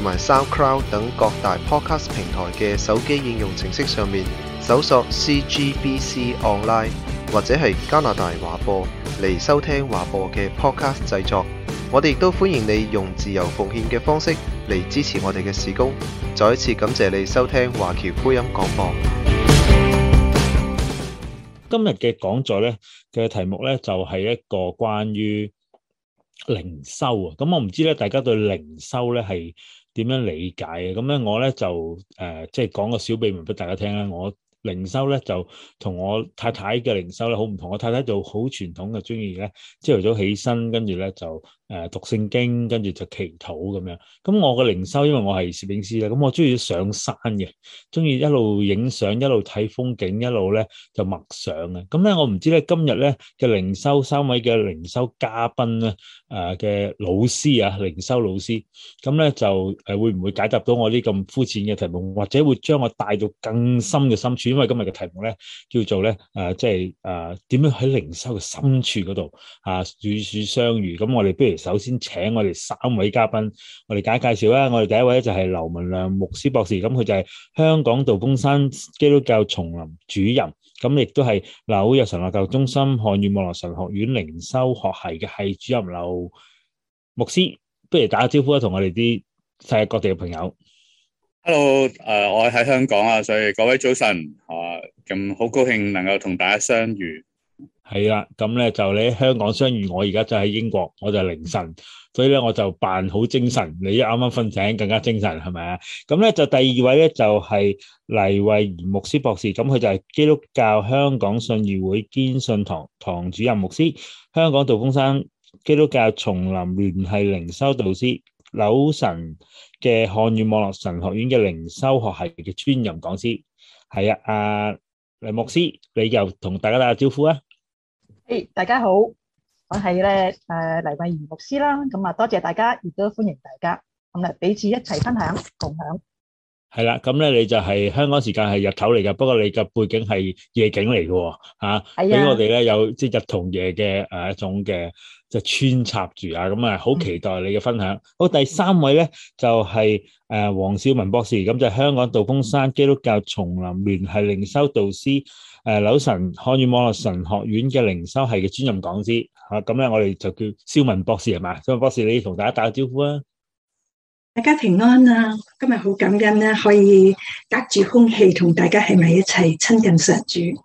同埋 SoundCloud 等各大 Podcast 平台嘅手機應用程式上面搜索 CGBC Online 或者係加拿大華播嚟收聽華播嘅 Podcast 製作，我哋亦都歡迎你用自由奉獻嘅方式嚟支持我哋嘅事工。再一次感謝你收聽華僑福音廣播。今日嘅講座咧嘅題目咧就係、是、一個關於靈修啊，咁、嗯、我唔知咧大家對靈修咧係。點樣理解嘅？咁咧，我、呃、咧就誒，即係講個小秘密俾大家聽啦。我靈修咧就同我太太嘅靈修咧好唔同。我太太傳就好傳統嘅，鍾意咧朝頭早起身，跟住咧就。誒，讀聖經，跟住就祈禱咁樣。咁我嘅靈修，因為我係攝影師咧，咁我中意上山嘅，中意一路影相，一路睇風景，一路咧就默想啊。咁咧，我唔知咧今日咧嘅靈修三位嘅靈修嘉賓咧，誒、呃、嘅老師啊，靈修老師，咁咧就誒會唔會解答到我呢咁膚淺嘅題目，或者會將我帶到更深嘅深處？因為今日嘅題目咧叫做咧誒，即係誒點樣喺靈修嘅深處嗰度啊與主相遇？咁我哋不如。首先請我哋三位嘉賓，我哋簡介紹啦。我哋第一位咧就係劉文亮牧師博士，咁佢就係香港道風山基督教叢林主任，咁亦都係紐約神學教育中心漢語網絡神學院靈修學系嘅系主任劉牧師。不如打個招呼啦，同我哋啲世界各地嘅朋友。Hello，誒、uh，我喺香港啊，所以各位早晨，嚇，咁好高興能夠同大家相遇。係啦，咁咧就你喺香港相遇我，而家就喺英國，我就凌晨，所以咧我就扮好精神。你一啱啱瞓醒，更加精神，係咪啊？咁咧就第二位咧就係黎慧儀牧師博士，咁佢就係基督教香港信義會堅信堂堂主任牧師，香港道風山基督教叢林聯繫靈修導師，紐神嘅漢語網絡神學院嘅靈修學系嘅專任講師。係啊，阿黎牧師，你又同大家打個招呼啊！誒，大家好，我係咧，誒黎慧怡牧師啦，咁啊多謝大家，亦都歡迎大家，咁啊彼此一齊分享共享。係啦，咁咧你就係香港時間係日頭嚟噶，不過你嘅背景係夜景嚟噶，吓，俾我哋咧有即係日同夜嘅誒一種嘅即係穿插住啊，咁啊好期待你嘅分享。好，第三位咧就係誒黃少文博士，咁就係香港道風山基督教叢林聯繫靈修導師，誒紐神漢語網絡神學院嘅靈修系嘅專任講師，吓咁咧我哋就叫少文博士係嘛，少文博士你同大家打個招呼啊。大家平安啊，今日好感恩啊，可以隔住空氣同大家喺埋一齊親近神主。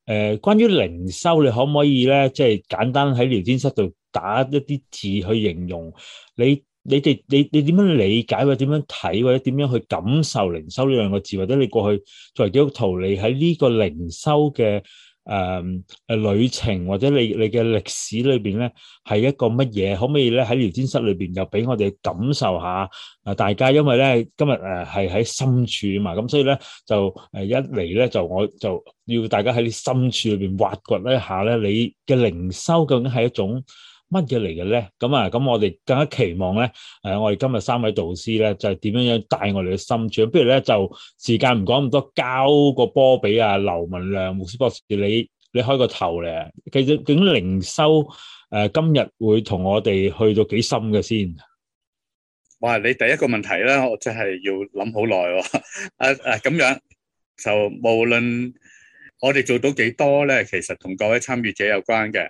誒、呃，關於靈修，你可唔可以咧，即、就、係、是、簡單喺聊天室度打一啲字去形容你、你哋、你、你點樣理解，或者點樣睇，或者點樣去感受靈修呢兩個字，或者你過去作為基督徒，你喺呢個靈修嘅。誒誒、呃呃，旅程或者你你嘅歷史裏邊咧，係一個乜嘢？可唔可以咧喺聊天室裏邊又俾我哋感受下？啊、呃，大家因為咧今日誒係喺深處嘛，咁所以咧就誒一嚟咧就我就要大家喺啲深處裏邊挖掘一下咧，你嘅靈修究竟係一種。乜嘢嚟嘅咧？咁啊，咁我哋更加期望咧，誒，我哋今日三位導師咧，就點樣樣帶我哋嘅心處？不如咧，就時間唔講咁多，交個波俾阿劉文亮牧師博士，你你開個頭咧。其實究竟靈修誒，今日會同我哋去到幾深嘅先？哇！你第一個問題咧，我真係要諗好耐。啊啊，咁樣就無論我哋做到幾多咧，其實同各位參與者有關嘅。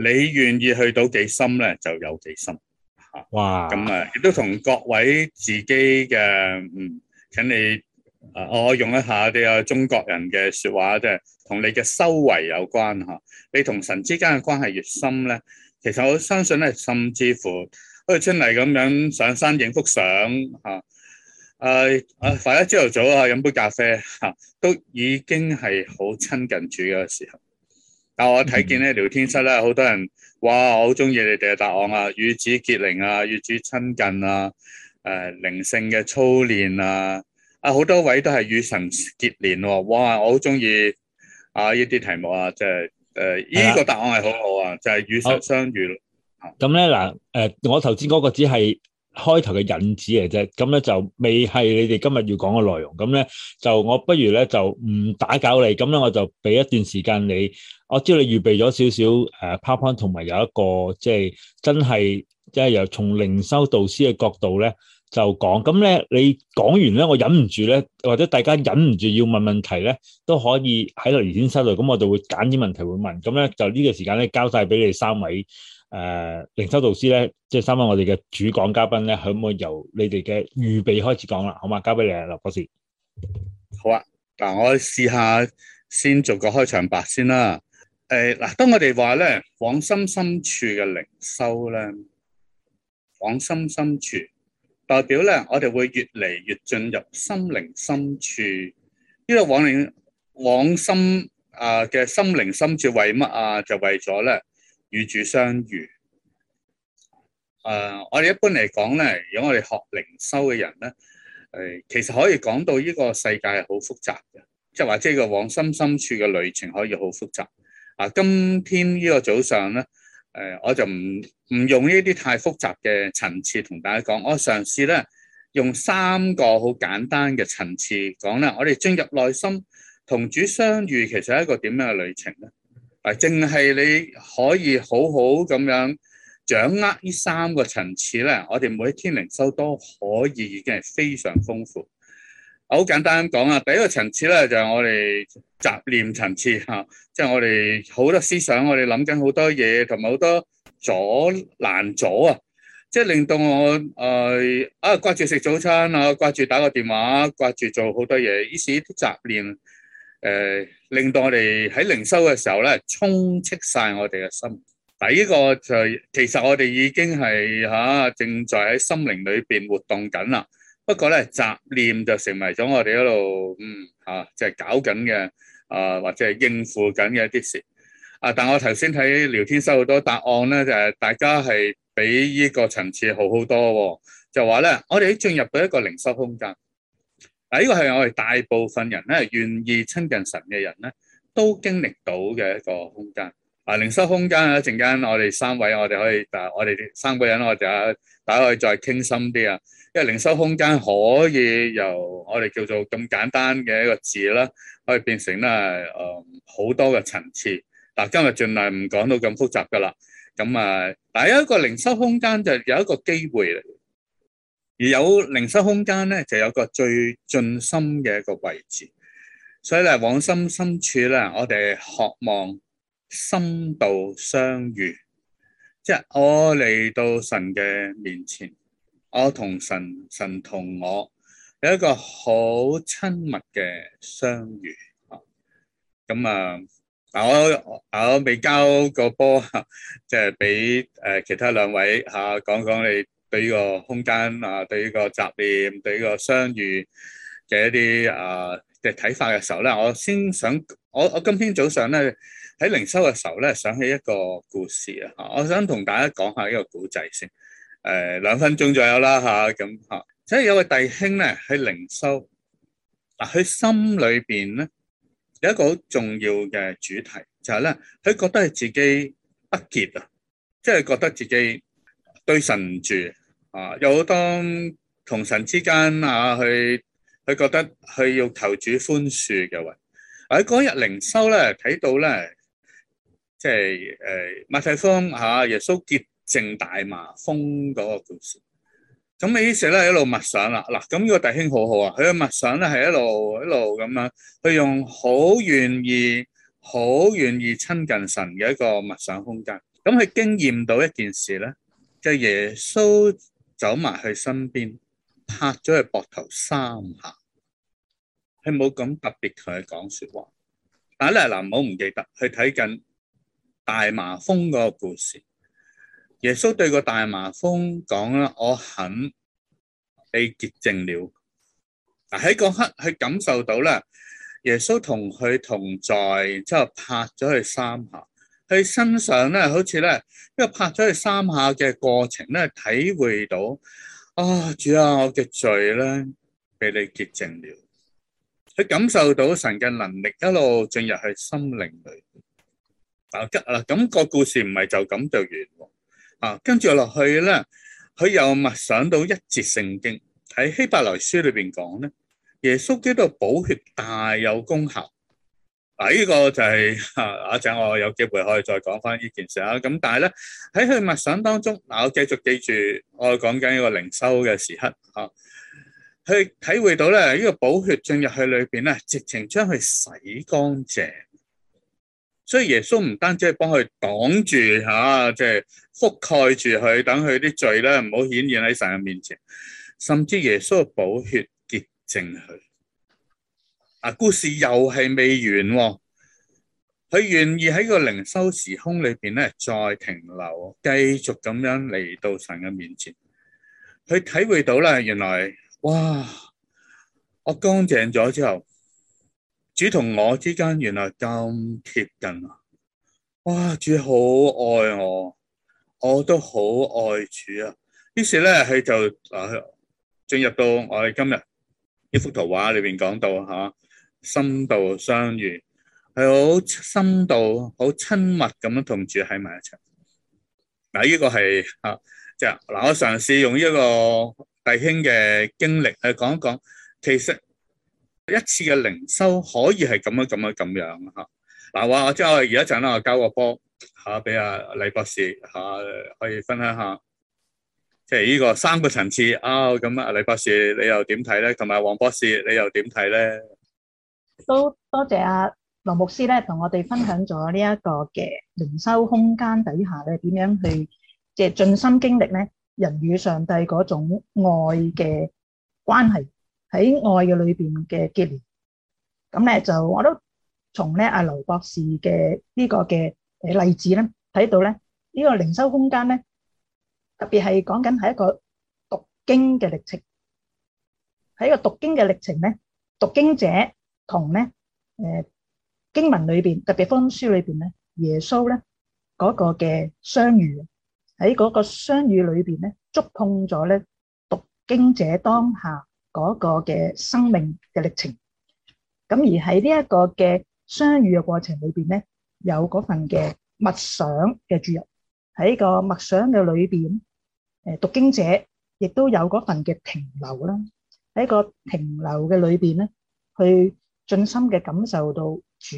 你願意去到幾深咧，就有幾深嚇。哇！咁啊，亦都同各位自己嘅嗯，請你啊，我、呃、用一下啲啊中國人嘅説話，即係同你嘅修為有關嚇。你同神之間嘅關係越深咧，其實我相信咧，甚至乎好似春麗咁樣上山影幅相嚇，誒誒，快一朝頭早啊，飲杯咖啡嚇，都已經係好親近主嘅時候。但我睇見咧聊天室咧，好多人哇，我好中意你哋嘅答案啊，與子結靈啊，與子親近啊，誒靈性嘅操練啊，啊好多位都係與神結連喎，哇，我好中意啊呢啲、啊、題目啊，就係誒呢個答案係好好啊，就係與神相遇。咁咧嗱，誒、呃、我頭先嗰個只係開頭嘅引子嚟啫，咁咧就未係你哋今日要講嘅內容，咁咧就我不如咧就唔打攪你，咁咧我就俾一段時間你。我知道你預備咗少少誒，PowerPoint 同埋有一個即係、就是、真係即係由從靈修導師嘅角度咧，就講咁咧。你講完咧，我忍唔住咧，或者大家忍唔住要問問題咧，都可以喺度延展收度。咁我就會揀啲問題會問。咁咧就呢個時間咧，交晒俾你三位誒靈修導師咧，即、就、係、是、三位我哋嘅主講嘉賓咧，可唔可以由你哋嘅預備開始講啦？好嘛，交俾你劉博士。好啊，嗱，我試下先做個開場白先啦。誒，嗱，當我哋話咧，往心深處嘅靈修咧，往心深處代表咧，我哋會越嚟越進入心靈深處。呢個往靈往深、呃、心啊嘅心靈深處為乜啊？就為咗咧與主相遇。誒、呃，我哋一般嚟講咧，如果我哋學靈修嘅人咧，誒、呃，其實可以講到呢個世界係好複雜嘅，即係或者呢個往心深處嘅旅程可以好複雜。啊，今天呢個早上咧，誒我就唔唔用呢啲太複雜嘅層次同大家講，我嘗試咧用三個好簡單嘅層次講咧。我哋進入內心同主相遇，其實係一個點樣嘅旅程咧？啊，淨係你可以好好咁樣掌握呢三個層次咧，我哋每一天靈修都可以已經係非常豐富。好簡單講啊，第一個層次咧，就係我哋雜念層次吓，即係我哋好多思想，我哋諗緊好多嘢，同埋好多阻難阻啊，即係令到我誒啊掛住食早餐啊，掛住打個電話，掛住做好多嘢，於是啲雜念誒、呃、令到我哋喺靈修嘅時候咧，充斥晒我哋嘅心。第一個就係，其實我哋已經係吓、啊、正在喺心靈裏邊活動緊啦。不過咧，雜念就成為咗我哋一路嗯吓，即、啊、係、就是、搞緊嘅啊，或者係應付緊嘅一啲事啊。但我頭先喺聊天室收好多答案咧，就係、是、大家係比呢個層次好好多、哦，就話咧，我哋喺進入到一個靈修空間。嗱、啊，呢個係我哋大部分人咧，願意親近神嘅人咧，都經歷到嘅一個空間。啊，靈修空間啊，一陣間我哋三位，我哋可以，我哋三個人，我哋啊，大家可以再傾心啲啊。即係靈修空間可以由我哋叫做咁簡單嘅一個字啦，可以變成咧誒好多嘅層次。嗱、啊，今日盡量唔講到咁複雜噶啦。咁、嗯、啊，但係有一個靈修空間就有一個機會嚟，而有靈修空間咧就有個最盡心嘅一個位置。所以咧，往心深處咧，我哋渴望深度相遇，即、就、係、是、我嚟到神嘅面前。我同神神同我有一個好親密嘅相遇啊！咁啊，嗱我嗱我未交個波，即係俾誒其他兩位吓，講講你對呢個空間啊，對呢個雜念，啊，對呢個相遇嘅一啲啊嘅睇法嘅時候咧，我先想我我今天早上咧喺靈修嘅時候咧，想起一個故事啊！我想同大家講下呢個古仔先。誒，兩分鐘左右啦吓，咁吓，所以有位弟兄咧喺靈修，嗱，佢心裏邊咧有一個好重要嘅主題，就係咧，佢覺得係自己不潔啊，即係覺得自己對神唔住啊，有好多同神之間啊，去佢覺得去要求主寬恕嘅位，喺嗰日靈修咧睇到咧，即係誒，馬太福音吓，耶穌結淨大麻風嗰個故事，咁呢啲人咧一路默想啦，嗱，咁呢個弟兄好好啊，佢嘅默想咧係一路一路咁樣，佢用好願意、好願意親近神嘅一個默想空間，咁佢經驗到一件事咧，就耶穌走埋去身邊，拍咗佢膊頭三下，佢冇咁特別同佢講說話，但係咧嗱，唔好唔記得，佢睇緊大麻風嗰個故事。耶穌對個大麻風講啦，我肯你潔淨了。喺嗰刻，佢感受到啦，耶穌同佢同在，然之後拍咗佢三下，佢身上咧，好似咧，因為拍咗佢三下嘅過程咧，體會到啊，主啊，我嘅罪咧，俾你潔淨了。佢感受到神嘅能力一路進入去心靈裏。嗱，得啦，咁個故事唔係就咁就完。啊，跟住落去咧，佢又默想到一節聖經喺希伯來書裏邊講咧，耶穌基督寶血大有功效。嗱，呢個就係阿仔，啊、我有機會可以再講翻呢件事啦。咁、啊、但係咧喺佢默想當中、啊，我繼續記住我講緊呢個靈修嘅時刻，吓、啊，佢體會到咧呢、這個寶血進入去裏邊咧，直情將佢洗乾淨。所以耶穌唔單止係幫佢擋住嚇，即係覆蓋住佢，等佢啲罪咧唔好顯現喺神嘅面前，甚至耶穌寶血潔淨佢。啊，故事又係未完喎，佢願意喺個靈修時空裏邊咧再停留，繼續咁樣嚟到神嘅面前，佢體會到啦，原來哇，我乾淨咗之後。主同我之間原來咁貼近啊！哇，主好愛我，我都好愛主啊！於是咧，佢就啊進入到我哋今日呢幅圖畫裏邊講到吓、啊、深度相遇，係好深度、好親密咁樣同主喺埋一齊。嗱，呢個係啊，即係嗱，我嘗試用呢一個弟兄嘅經歷去講一講，其實。一次嘅靈修可以係咁樣、咁樣、咁樣吓。嗱，我即係我而家就咧，我交個波吓俾阿李博士吓，可以分享下，即係呢個三個層次啊咁啊，李博士你又點睇咧？同埋黃博士你又點睇咧？都多謝阿羅牧師咧，同我哋分享咗呢一個嘅靈修空間底下咧，點樣去即係盡心經歷咧？人與上帝嗰種愛嘅關係。喺愛嘅裏邊嘅結連，咁咧就我都從咧阿劉博士嘅呢個嘅例子咧，睇到咧呢個靈修空間咧，特別係講緊係一個讀經嘅歷程。喺個讀經嘅歷程咧，讀經者同咧，誒，經文裏邊，特別福音書裏邊咧，耶穌咧嗰個嘅相遇，喺嗰個相遇裏邊咧，觸碰咗咧讀經者當下。嗰個嘅生命嘅歷程，咁而喺呢一個嘅相遇嘅過程裏邊咧，有嗰份嘅默想嘅注入，喺呢個默想嘅裏邊，誒，讀經者亦都有嗰份嘅停留啦。喺個停留嘅裏邊咧，去盡心嘅感受到主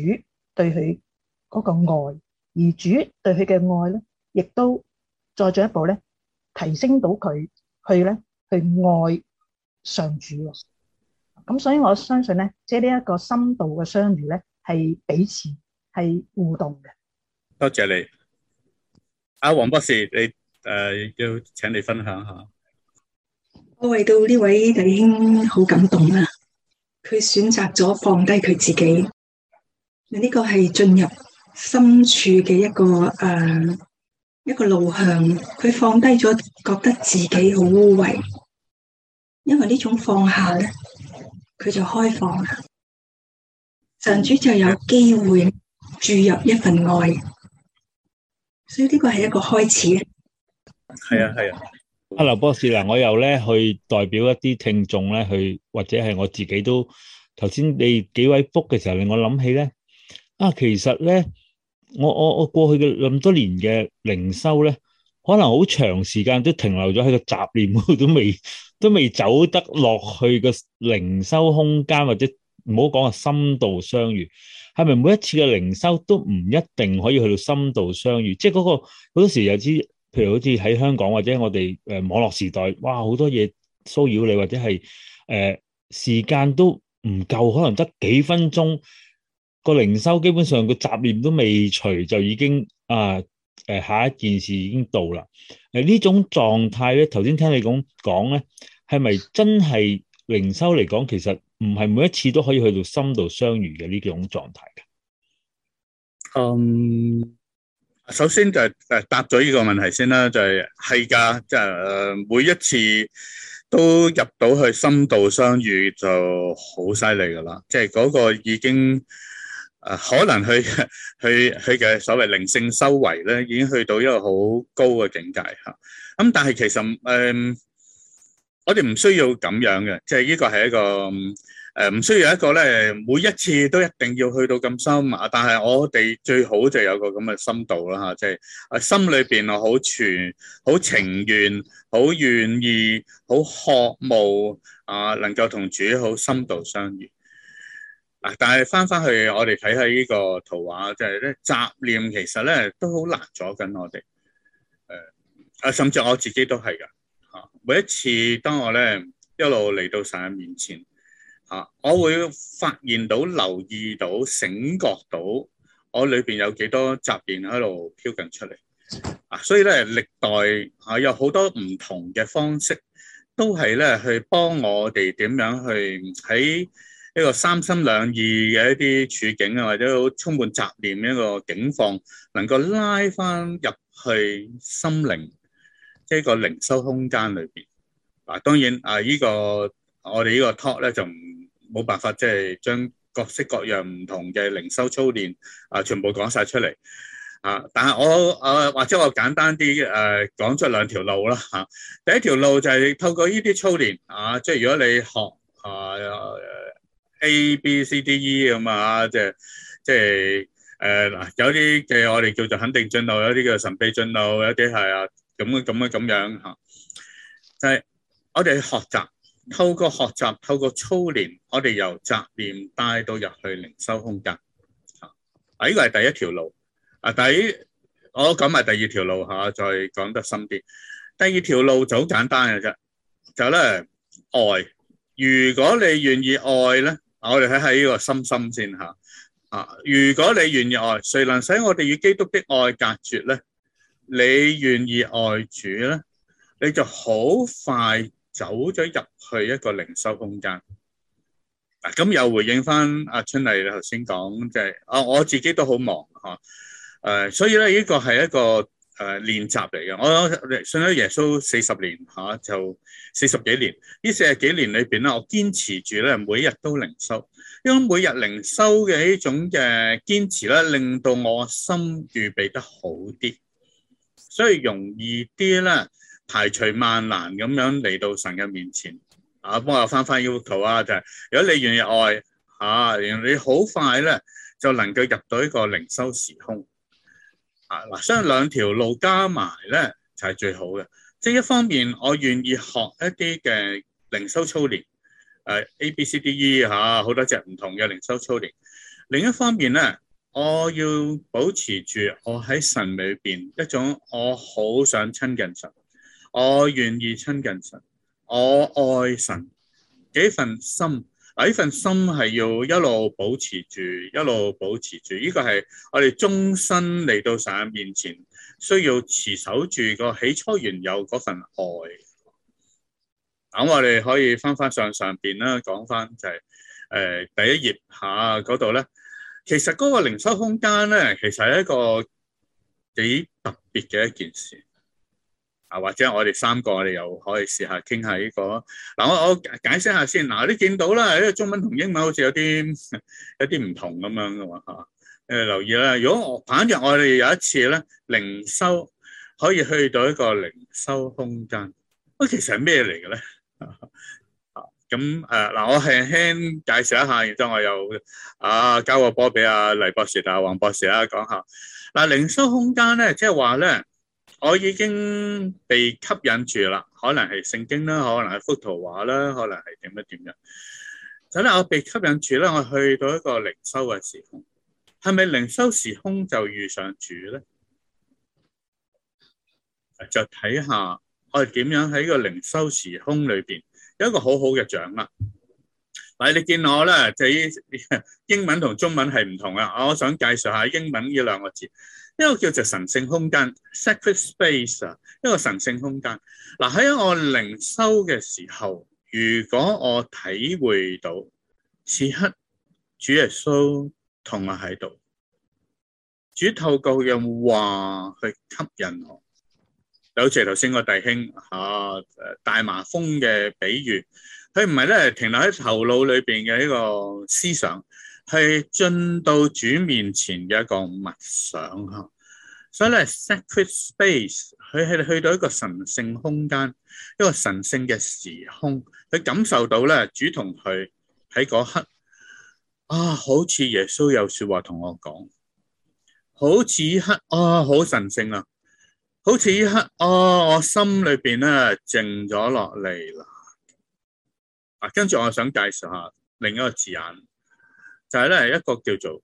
對佢嗰個愛，而主對佢嘅愛咧，亦都再進一步咧，提升到佢去咧去愛。上主，咁所以我相信咧，即係呢一個深度嘅相遇咧，係彼此係互動嘅。多謝你，阿、啊、黃博士，你誒要、呃、請你分享下。我為到呢位弟兄好感動啊！佢選擇咗放低佢自己，呢、這個係進入深處嘅一個誒、呃、一個路向。佢放低咗，覺得自己好污穢。因為呢種放下咧，佢就開放啦，上主就有機會注入一份愛，所以呢個係一個開始。係啊係啊，阿劉博士嗱，我又咧去代表一啲聽眾咧去，或者係我自己都頭先你幾位福嘅時候，令我諗起咧，啊，其實咧我我我過去嘅咁多年嘅靈修咧，可能好長時間都停留咗喺個雜念，我都未。都未走得落去個靈修空間，或者唔好講啊深度相遇，係咪每一次嘅靈修都唔一定可以去到深度相遇？即係嗰個好多時有啲，譬如好似喺香港或者我哋誒網絡時代，哇，好多嘢騷擾你，或者係誒時間都唔夠，可能得幾分鐘個靈修，基本上個雜念都未除就已經啊誒下一件事已經到啦。誒呢種狀態咧，頭先聽你咁講咧。係咪真係靈修嚟講，其實唔係每一次都可以去到深度相遇嘅呢種狀態嘅？嗯，首先就係答咗呢個問題先啦，就係係噶，即係每一次都入到去深度相遇就好犀利噶啦，即係嗰個已經啊、呃、可能去去去嘅所謂靈性修為咧，已經去到一個好高嘅境界吓。咁但係其實誒。呃我哋唔需要咁樣嘅，即係呢個係一個誒，唔、呃、需要一個咧，每一次都一定要去到咁深啊！但係我哋最好就有個咁嘅深度啦，吓、啊，即、就、係、是啊、心裏邊我好全、好情願、好願意、好渴慕啊，能夠同主好深度相遇。嗱、啊，但係翻翻去我哋睇下呢個圖畫，即係咧雜念其實咧都好難阻緊我哋誒啊，甚至我自己都係噶。每一次當我咧一路嚟到神嘅面前，啊，我會發現到、留意到、醒覺到，我裏邊有幾多雜念喺度飄緊出嚟。啊，所以咧，歷代啊有好多唔同嘅方式，都係咧去幫我哋點樣去喺一個三心兩意嘅一啲處境啊，或者充滿雜念嘅一個境況，能夠拉翻入去心靈。呢個靈修空間裏邊，嗱、啊、當然啊，依、這個我哋呢個 talk 咧就冇辦法即係將各式各樣唔同嘅靈修操練啊，啊全部講晒出嚟啊！但係我啊或者我簡單啲誒、啊、講出兩條路啦嚇、啊。第一條路就係透過呢啲操練啊，即係如果你學啊，啊 A B C D E 咁啊，即係即係誒嗱，有啲嘅我哋叫做肯定進路，有啲叫神秘進路，有啲係啊。咁啊咁啊咁樣嚇，就係、是、我哋去學習，透過學習，透過操練，我哋由習練帶到入去靈修空間。啊，呢個係第一條路。啊，第我講埋第二條路嚇、啊，再講得深啲。第二條路就好簡單嘅啫，就咧愛。如果你願意愛咧，我哋睇下呢個心心先嚇。啊，如果你願意愛，誰能使我哋與基督的愛隔絕咧？你願意愛主咧，你就好快走咗入去一個靈修空間。嗱，咁又回應翻阿春麗你頭先講，就係啊，我自己都好忙嚇，誒、啊，所以咧呢個係一個誒練習嚟嘅。我信咗耶穌四十年嚇、啊，就四十幾年。呢四十幾年裏邊咧，我堅持住咧，每日都靈修，因為每日靈修嘅呢種嘅堅持咧，令到我心預備得好啲。所以容易啲咧，排除萬難咁樣嚟到神嘅面前，啊，幫我翻翻要求啊，就係、是、如果你願意愛，嚇、啊，然後你好快咧，就能夠入到一個靈修時空，啊，嗱、啊，所以兩條路加埋咧就係、是、最好嘅，即、就、係、是、一方面我願意學一啲嘅靈修操練，誒、啊、A B C D E 嚇、啊、好多隻唔同嘅靈修操練，另一方面咧。我要保持住我喺神裏邊一種，我好想親近神，我願意親近神，我愛神，呢份心啊，呢份心係要一路保持住，一路保持住。呢、這個係我哋終身嚟到神嘅面前，需要持守住個起初原有嗰份愛。咁我哋可以翻翻上上邊啦，講翻就係、是、誒、呃、第一頁下嗰度咧。啊其實嗰個靈修空間咧，其實係一個幾特別嘅一件事啊。或者我哋三個我哋又可以試下傾下呢、這個嗱、啊。我我解釋下先嗱、啊，你見到啦，呢、哎、為中文同英文好似有啲 有啲唔同咁樣嘅話嚇。誒、啊啊，留意啦，如果我反正我哋有一次咧，靈修可以去到一個靈修空間，咁、啊、其實係咩嚟嘅咧？ 咁誒，嗱、啊，我輕輕介紹一下，然之後我又啊交個波俾阿、啊、黎博士、博士啊、黃博士啦講下。嗱，靈修空間咧，即係話咧，我已經被吸引住啦，可能係聖經啦，可能係幅圖畫啦，可能係點樣點樣。咁、就、咧、是，我被吸引住咧，我去到一個靈修嘅時空，係咪靈修時空就遇上主咧？就睇下我哋點樣喺個靈修時空裏邊。有一個好好嘅獎啦，嗱，你見我咧，喺英文同中文係唔同啊！我想介紹下英文呢兩個字，一個叫做神聖空間 （secret space） 啊，一個神聖空間。嗱，喺我靈修嘅時候，如果我體會到此刻主耶穌同我喺度，主透過佢嘅話去吸引我。有如頭先個弟兄，啊，大麻風嘅比喻，佢唔係咧停留喺頭腦裏邊嘅一個思想，係進到主面前嘅一個默想啊，所以咧，Sacred Space，佢係去到一個神聖空間，一個神聖嘅時空，佢感受到咧，主同佢喺嗰刻，啊，好似耶穌有說話同我講，好似刻啊，好神聖啊！好似依刻，我我心裏邊咧靜咗落嚟啦。啊，跟住我想介紹下另一個字眼，就係咧一個叫做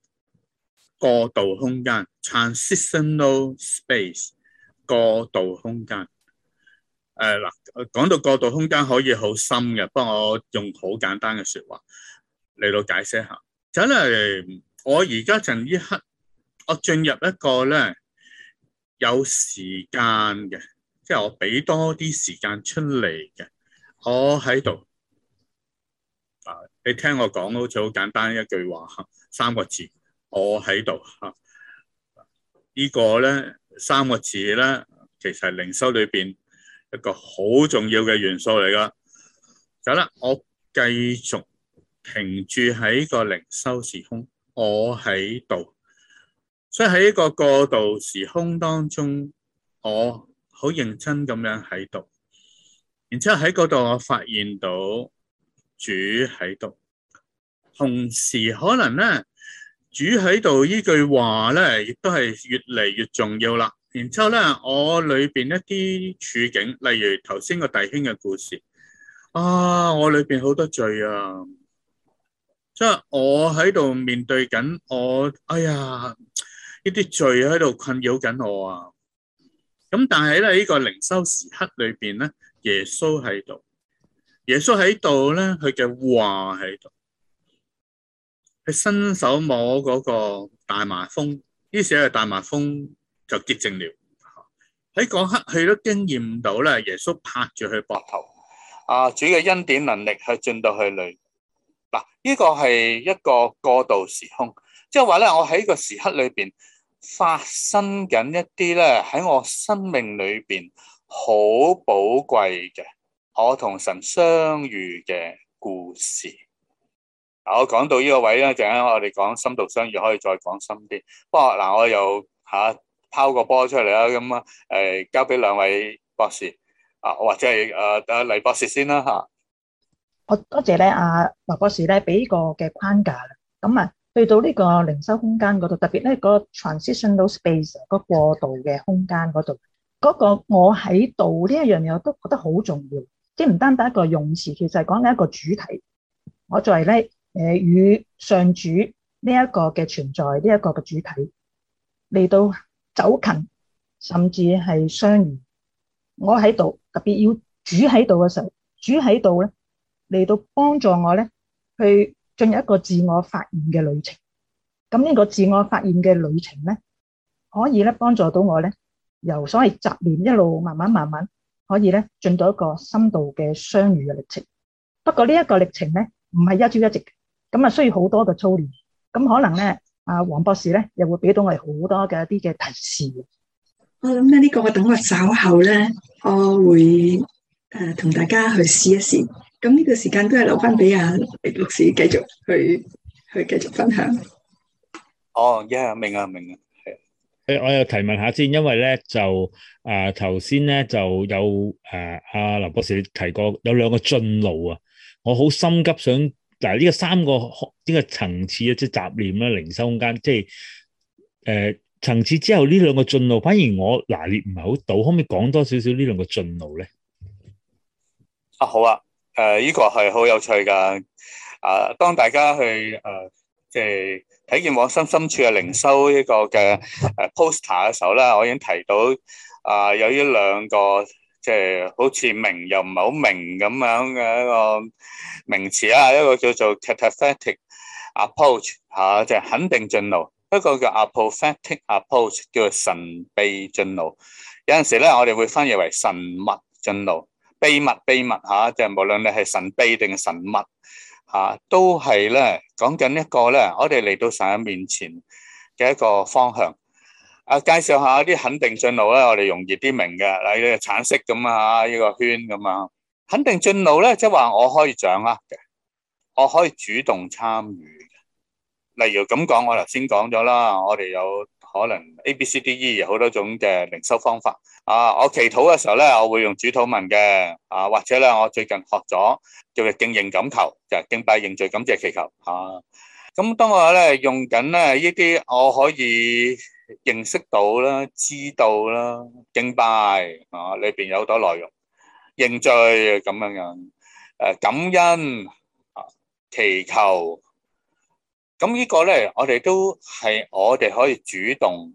過渡空間 （transitional space）。過渡空間，誒嗱，講到過渡空間可以好深嘅，不過我用好簡單嘅說話嚟到解釋下。就係我而家就依刻，我進入一個咧。有時間嘅，即係我俾多啲時間出嚟嘅。我喺度，啊，你聽我講，好似好簡單一句話，三個字，我喺度。這個、呢個咧，三個字咧，其實係靈修裏邊一個好重要嘅元素嚟㗎。好啦，我繼續停住喺個靈修時空，我喺度。所以喺呢個過渡時空當中，我好認真咁樣喺度，然之後喺嗰度我發現到主喺度。同時可能咧主喺度呢句話咧，亦都係越嚟越重要啦。然之後咧，我裏邊一啲處境，例如頭先個弟兄嘅故事，啊，我裏邊好多罪啊，即係我喺度面對緊我，哎呀～呢啲罪喺度困擾緊我啊！咁但係咧，呢個靈修時刻裏邊咧，耶穌喺度，耶穌喺度咧，佢嘅話喺度，佢伸手摸嗰個大麻風，於是咧大麻風就潔淨了。喺嗰刻佢都經驗到咧，耶穌拍住佢膊頭，啊，主嘅恩典能力去進到去裏。嗱，呢個係一個過渡時空，即係話咧，我喺個時刻裏邊。發生緊一啲咧喺我生命裏邊好寶貴嘅，我同神相遇嘅故事。嗱、啊，我講到呢個位咧，就喺我哋講深度相遇，可以再講深啲。不過嗱、啊，我又吓拋、啊、個波出嚟啦，咁啊，誒、欸，交俾兩位博士啊，或者係誒阿黎博士先啦吓。我多謝咧阿黎博士咧俾個嘅框架啦，咁啊。去到呢個靈修空間嗰度，特別咧個 transitional space 個過渡嘅空間嗰度，嗰個我喺度呢一樣嘢我都覺得好重要，即係唔單單一個用詞，其實係講緊一個主題。我作為咧誒與上主呢一個嘅存在，呢一個嘅主題嚟到走近，甚至係相遇。我喺度特別要主喺度嘅時候，主喺度咧嚟到幫助我咧去。進入一個自我發現嘅旅程，咁呢個自我發現嘅旅程咧，可以咧幫助到我咧，由所謂雜念一路慢慢慢慢，可以咧進到一個深度嘅相遇嘅歷程。不過呢一個歷程咧，唔係一朝一夕，咁啊需要好多嘅操練。咁可能咧，阿黃博士咧又會俾到我哋好多嘅一啲嘅提示。我諗咧呢個我等我稍後咧，我會誒同大家去試一試。咁呢個時間都係留翻俾阿林博士繼續去去繼續分享。哦，yeah，明啊，明啊，係。誒，我又提問下先，因為咧就誒頭先咧就有誒阿林博士提過有兩個進路啊，我好心急想嗱呢個三個呢個層次啊，即係雜念啦、靈修空間，即係誒層次之後呢兩個進路，反而我拿捏唔係好到，可唔可以講多少少呢兩個進路咧？啊，好啊。誒依、uh, 個係好有趣噶，啊、uh, 當大家去誒即係睇見往心深處嘅靈修呢個嘅、uh, poster 嘅時候啦，我已經提到啊、uh, 有一兩個即係、就是、好似明又唔係好明咁樣嘅一個名詞啦、啊，一個叫做 cataphatic approach 嚇、uh,，就係肯定進路；一個叫 apophatic approach，叫做「神秘進路。有陣時咧，我哋會翻譯為神物進路。秘密秘密吓，即係無論你係神秘定神秘吓，都係咧講緊一個咧，我哋嚟到神嘅面前嘅一個方向。啊，介紹下啲肯定進路咧，我哋容易啲明嘅，例如橙色咁啊，呢個圈咁啊，肯定進路咧，即係話我可以掌握嘅，我可以主動參與嘅。例如咁講，我頭先講咗啦，我哋有。可能 A、B、C、D、E 有好多種嘅靈修方法啊！我祈禱嘅時候咧，我會用主禱文嘅啊，或者咧我最近學咗叫做敬認感求，就係敬拜、認罪、感謝、祈求啊。咁當我咧用緊咧呢啲，我可以認識到啦、知道啦，敬拜啊裏邊有好多內容，認罪咁樣樣，誒感恩啊祈求。咁呢個咧，我哋都係我哋可以主動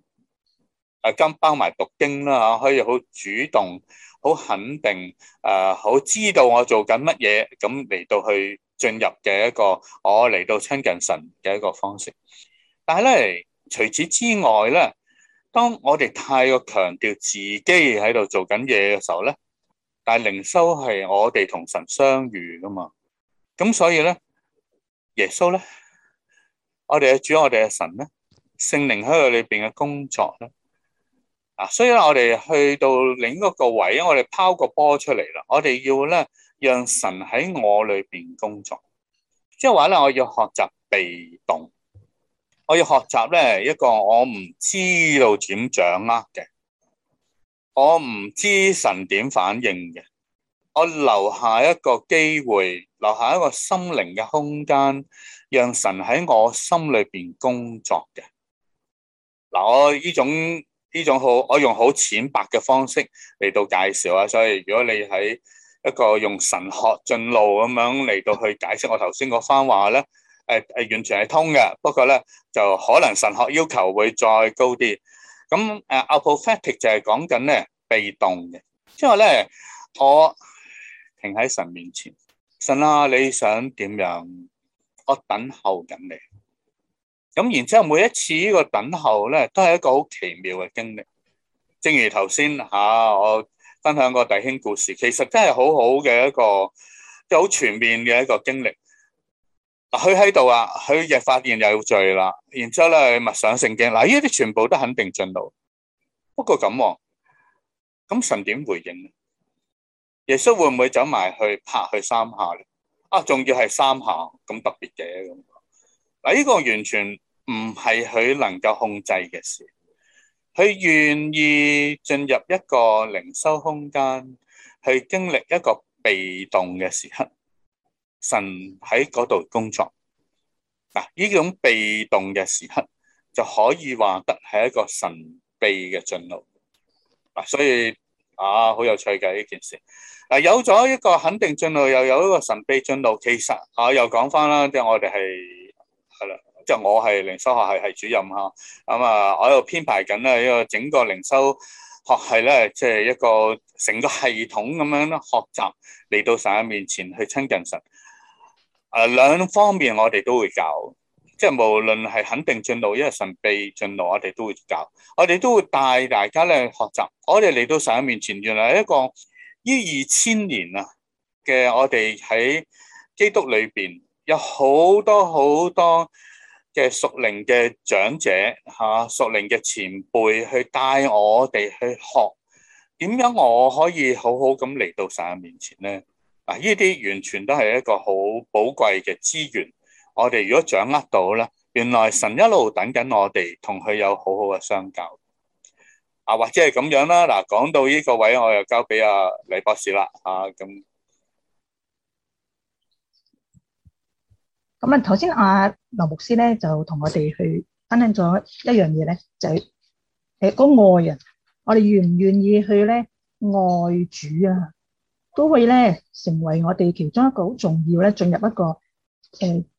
誒，咁包埋讀經啦，可以好主動、好肯定誒，好、呃、知道我做緊乜嘢，咁嚟到去進入嘅一個，我嚟到親近神嘅一個方式。但係咧，除此之外咧，當我哋太過強調自己喺度做緊嘢嘅時候咧，但係靈修係我哋同神相遇噶嘛，咁所以咧，耶穌咧。我哋嘅主，我哋嘅神咧，聖靈喺我裏邊嘅工作咧啊，所以咧，我哋去到另一個位，因為我哋拋個波出嚟啦，我哋要咧讓神喺我裏邊工作，即係話咧，我要學習被動，我要學習咧一個我唔知道點掌握嘅，我唔知神點反應嘅。我留下一個機會，留下一個心靈嘅空間，讓神喺我心裏邊工作嘅。嗱，我呢種呢種好，我用好淺白嘅方式嚟到介紹啊。所以如果你喺一個用神學進路咁樣嚟到去解釋我頭先嗰番話咧，誒、哎、誒，完全係通嘅。不過咧就可能神學要求會再高啲。咁誒，Apophatic 就係講緊咧被動嘅，之後咧我。停喺神面前，神啊，你想點樣？我等候緊你。咁然之後，每一次呢個等候咧，都係一個好奇妙嘅經歷。正如頭先吓我分享個弟兄故事，其實真係好好嘅一個，即好全面嘅一個經歷。佢喺度啊，佢亦發現有罪啦。然之後咧，佢默想聖經。嗱、啊，呢啲全部都肯定進路。不過咁、啊，咁神點回應？耶穌會唔會走埋去拍佢三下咧？啊，仲要係三下咁特別嘅。咁嗱，呢個完全唔係佢能夠控制嘅事。佢願意進入一個靈修空間，去經歷一個被動嘅時刻，神喺嗰度工作嗱。呢種被動嘅時刻就可以話得係一個神秘嘅進路嗱，所以。啊，好有趣嘅呢件事。嗱、啊，有咗一個肯定進路，又有一個神秘進路。其實啊，又講翻啦，即係我哋係係啦，即係、就是、我係靈修學系係主任嚇。咁啊，我又編排緊咧呢個整個靈修學系咧，即、就、係、是、一個成個系統咁樣咧學習嚟到神嘅面前去親近神。誒、啊，兩方面我哋都會教。即係無論係肯定進路，因為神秘進路，我哋都會教，我哋都會帶大家咧去學習。我哋嚟到神面前，原來一個呢二千年啊嘅，我哋喺基督裏邊有好多好多嘅屬靈嘅長者嚇，屬靈嘅前輩去帶我哋去學點樣，我可以好好咁嚟到神面前咧。嗱，呢啲完全都係一個好寶貴嘅資源。我哋如果掌握到咧，原來神一路等緊我哋，同佢有好好嘅相交啊，或者係咁樣啦。嗱，講到呢個位，我又交俾阿李博士啦。啊，咁咁啊，頭先阿劉牧師咧就同我哋去分享咗一樣嘢咧，就係誒，講愛啊，我哋願唔願意去咧愛主啊，都會咧成為我哋其中一個好重要咧，進入一個誒。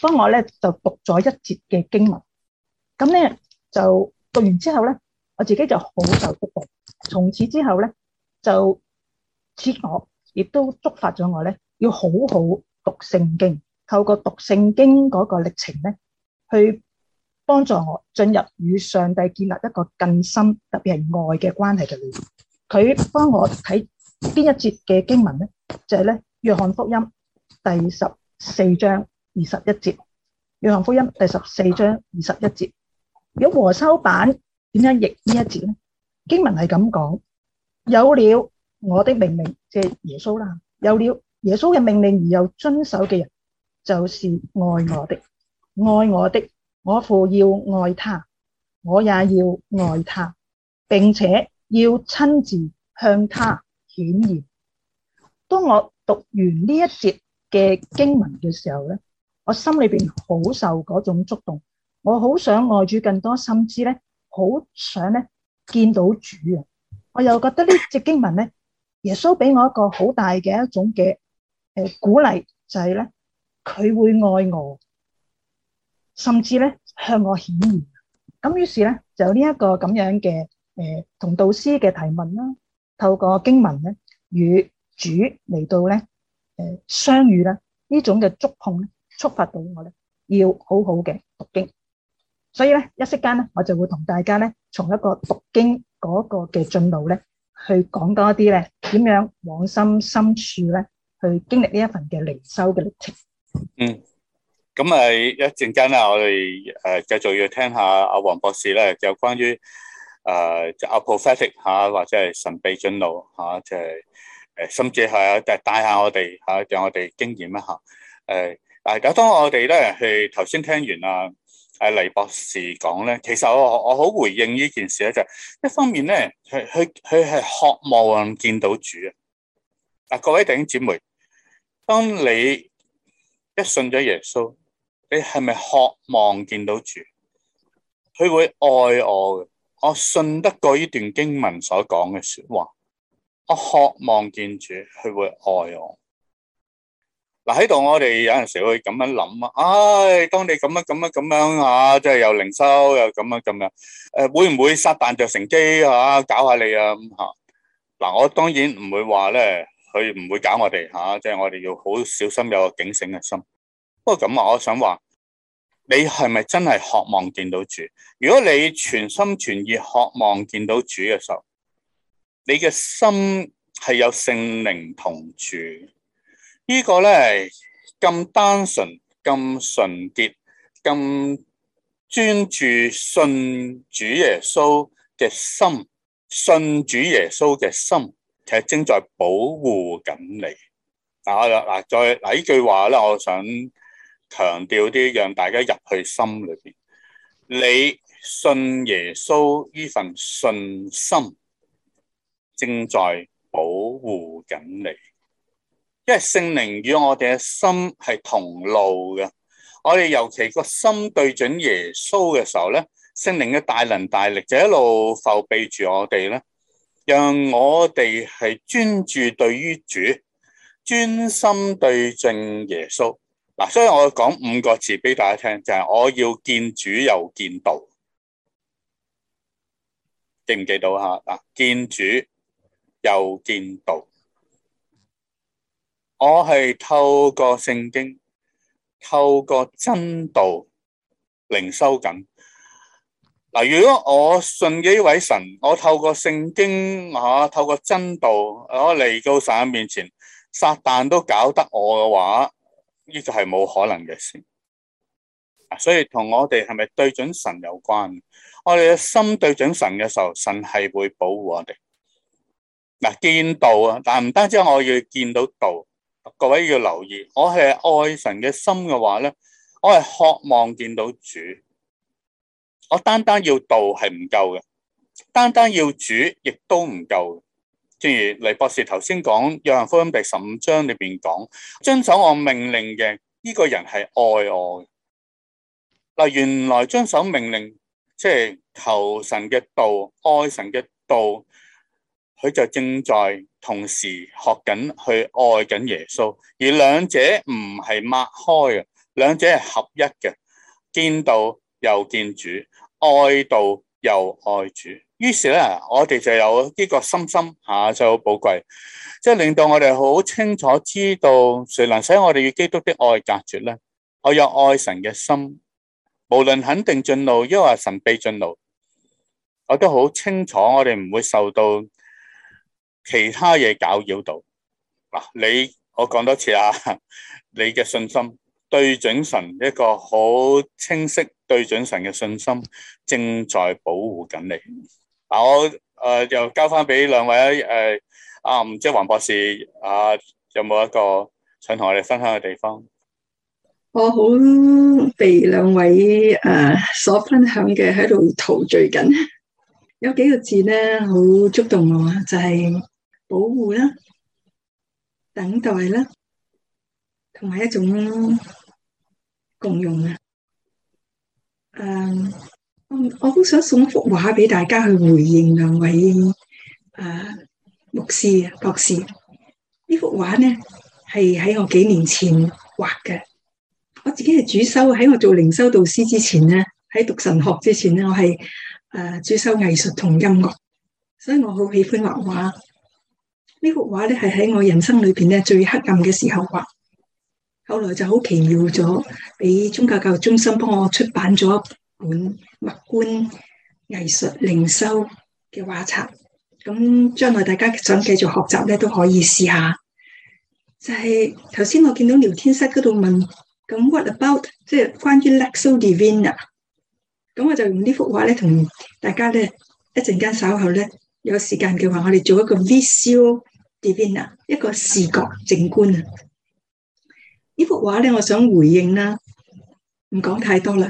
幫我咧就讀咗一節嘅經文，咁咧就讀完之後咧，我自己就好受觸動。從此之後咧，就此我亦都觸發咗我咧，要好好讀聖經。透過讀聖經嗰個歷程咧，去幫助我進入與上帝建立一個更深，特別係愛嘅關係嘅度。佢幫我睇邊一節嘅經文咧，就係、是、咧《約翰福音》第十四章。二十一節，約翰福音第十四章二十一節，如果和修版點樣譯呢一節咧？經文係咁講：有了我的命令，即耶穌啦，有了耶穌嘅命令而又遵守嘅人，就是愛我的，愛我的，我父要愛他，我也要愛他，並且要親自向他顯現。當我讀完呢一節嘅經文嘅時候咧。我心裏面好受嗰種觸動，我好想愛主更多，甚至呢，好想呢，見到主。我又覺得呢隻經文呢，耶穌畀我一個好大嘅一種嘅鼓勵，就係呢，佢會愛我，甚至呢，向我顯現。咁於是呢，就呢一個咁樣嘅，同導師嘅提問，透過經文呢，與主嚟到呢，相遇呢，呢種嘅觸碰，觸發到我咧，要好好嘅讀經，所以咧一息間咧，我就會同大家咧，從一個讀經嗰個嘅進路咧，去講多啲咧，點樣往心深處咧，去經歷呢一份嘅靈修嘅歷程。嗯，咁啊，一陣間啊，我哋誒繼續要聽下阿黃博士咧，就關於誒 Apophatic 吓，或者係神秘進路吓，即係誒，甚至係啊帶帶下我哋吓，讓我哋經驗一下誒。啊！咁當我哋咧去頭先聽完啊，誒、啊、黎博士講咧，其實我我好回應呢件事咧、就係，就一方面咧，佢佢佢係渴望見到主啊！啊各位弟兄姊妹，當你一信咗耶穌，你係咪渴望見到主？佢會愛我嘅，我信得過呢段經文所講嘅説話，我渴望見主，佢會愛我。嗱喺度，我哋有陣時會咁樣諗啊！唉、哎，當你咁樣咁樣咁樣啊，即係又靈修又咁樣咁樣，誒、啊，會唔會撒旦著乘機啊？搞下你啊咁吓？嗱、啊，我當然唔會話咧，佢唔會搞我哋吓、啊，即係我哋要好小心有個警醒嘅心。不過咁啊，我想話，你係咪真係渴望見到主？如果你全心全意渴望見到主嘅時候，你嘅心係有聖靈同住。個呢個咧，咁單純、咁純潔、咁專注信主耶穌嘅心，信主耶穌嘅心，其實正在保護緊你。嗱，啦，嗱，再嗱呢句話咧，我想強調啲，讓大家入去心裏面，你信耶穌呢份信心正在保護緊你。因為聖靈與我哋嘅心係同路嘅，我哋尤其個心對準耶穌嘅時候咧，聖靈嘅大能大力就一路扶庇住我哋咧，讓我哋係專注對於主，專心對正耶穌。嗱，所以我講五個字俾大家聽，就係、是、我要見主又見道，記唔記到啊？嗱，見主又見道。我係透過聖經，透過真道靈修緊。嗱，如果我信嘅呢位神，我透過聖經吓，透過真道，我嚟到神嘅面前，撒旦都搞得我嘅話，呢就係冇可能嘅事。所以同我哋係咪對準神有關？我哋嘅心對準神嘅時候，神係會保護我哋。嗱，見到啊，但唔單止我要見到道。各位要留意，我係愛神嘅心嘅話咧，我係渴望見到主，我單單要道係唔夠嘅，單單要主亦都唔夠。正如黎博士頭先講《約翰福音》第十五章裏邊講，遵守我命令嘅呢個人係愛我嘅。嗱，原來遵守命令，即係求神嘅道，愛神嘅道，佢就正在。同時學緊去愛緊耶穌，而兩者唔係擘開嘅，兩者係合一嘅。見到又見主，愛到又愛主。於是咧，我哋就有呢個心心吓，就、啊、好寶貴，即、就、係、是、令到我哋好清楚知道，誰能使我哋與基督的愛隔絕咧？我有愛神嘅心，無論肯定進路，抑或神秘進路，我都好清楚，我哋唔會受到。其他嘢搞擾到嗱，你我講多次啊，你嘅信心對準神一個好清晰，對準神嘅信心正在保護緊你。嗱，我、呃、誒又交翻俾兩位、呃、啊，誒啊唔知黃博士啊，有冇一個想同我哋分享嘅地方？我好被兩位誒、呃、所分享嘅喺度陶醉緊，有幾個字咧好觸動我、啊，就係、是。保護啦，等待啦，同埋一種共用啊！誒、uh，我我好想送一幅畫俾大家去回應兩位誒、uh，牧師啊博士。呢幅畫呢係喺我幾年前畫嘅，我自己係主修喺我做靈修導師之前咧，喺讀神學之前咧，我係誒主修藝術同音樂，所以我好喜歡畫畫。呢幅畫咧係喺我人生裏邊咧最黑暗嘅時候畫，後來就好奇妙咗，俾宗教教育中心幫我出版咗一本物觀藝術靈修嘅畫冊。咁將來大家想繼續學習咧，都可以試下。就係頭先我見到聊天室嗰度問，咁 what about 即係關於 Lectio Divina？咁我就用呢幅畫咧同大家咧一陣間稍後咧有時間嘅話，我哋做一個 Visio Divina。邊啊一個視覺靜觀啊！幅畫呢幅畫咧，我想回應啦，唔講太多啦，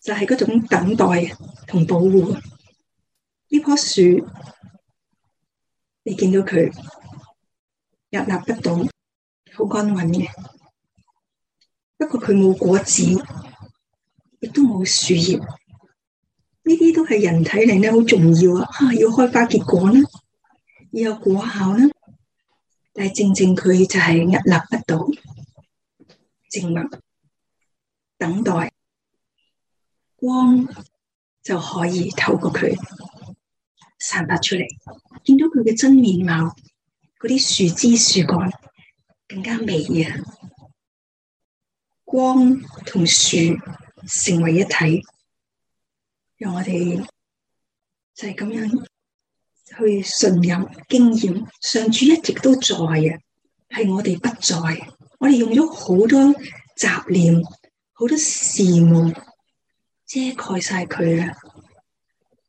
就係、是、嗰種等待同保護。呢棵樹，你見到佢屹立不倒，好安穩嘅。不過佢冇果子，亦都冇樹葉。呢啲都係人體嚟咧，好重要啊！要開花結果啦。有果效呢，但係正正佢就係屹立不倒，靜默等待，光就可以透過佢散發出嚟，見到佢嘅真面貌，嗰啲樹枝樹幹更加微弱。光同樹成為一體，讓我哋就係咁樣。去信任經驗，上主一直都在嘅，係我哋不在，我哋用咗好多雜念、好多事物遮蓋晒佢啊！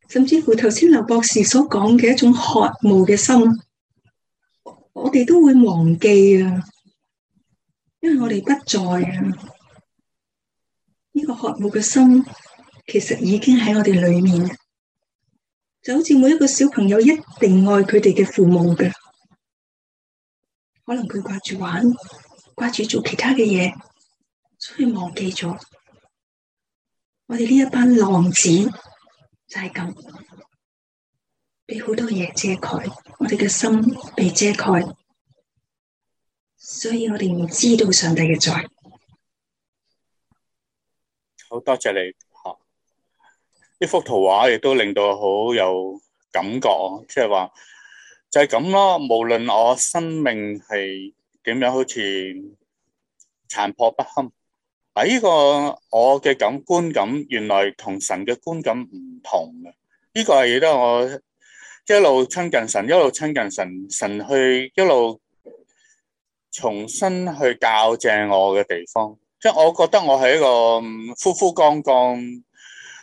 甚至乎頭先劉博士所講嘅一種渴慕嘅心，我哋都會忘記啊，因為我哋不在啊！呢、這個渴慕嘅心其實已經喺我哋裏面。就好似每一個小朋友一定愛佢哋嘅父母嘅，可能佢掛住玩，掛住做其他嘅嘢，所以忘記咗。我哋呢一班浪子就係咁，被好多嘢遮蓋，我哋嘅心被遮蓋，所以我哋唔知道上帝嘅在。好多謝,謝你。呢幅圖畫亦都令到我好有感覺哦，即係話就係咁咯。無論我生命係點樣，好似殘破不堪，喺、這、呢個我嘅感官感，原來同神嘅觀感唔同嘅。呢、這個係記得我、就是、一路親近神，一路親近神，神去一路重新去教正我嘅地方。即、就、係、是、我覺得我喺一個夫夫光光。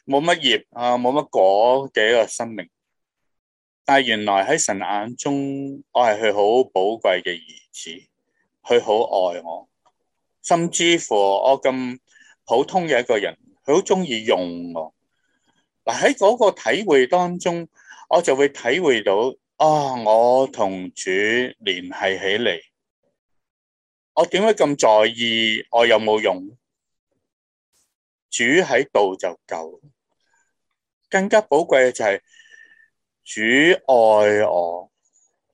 冇乜葉啊，冇乜果嘅一個生命，但係原來喺神眼中，我係佢好寶貴嘅兒子，佢好愛我，甚至乎我咁普通嘅一個人，佢好中意用我。嗱，喺嗰個體會當中，我就會體會到啊，我同主聯繫起嚟，我點解咁在意我有冇用？主喺度就夠。更加寶貴嘅就係主愛我，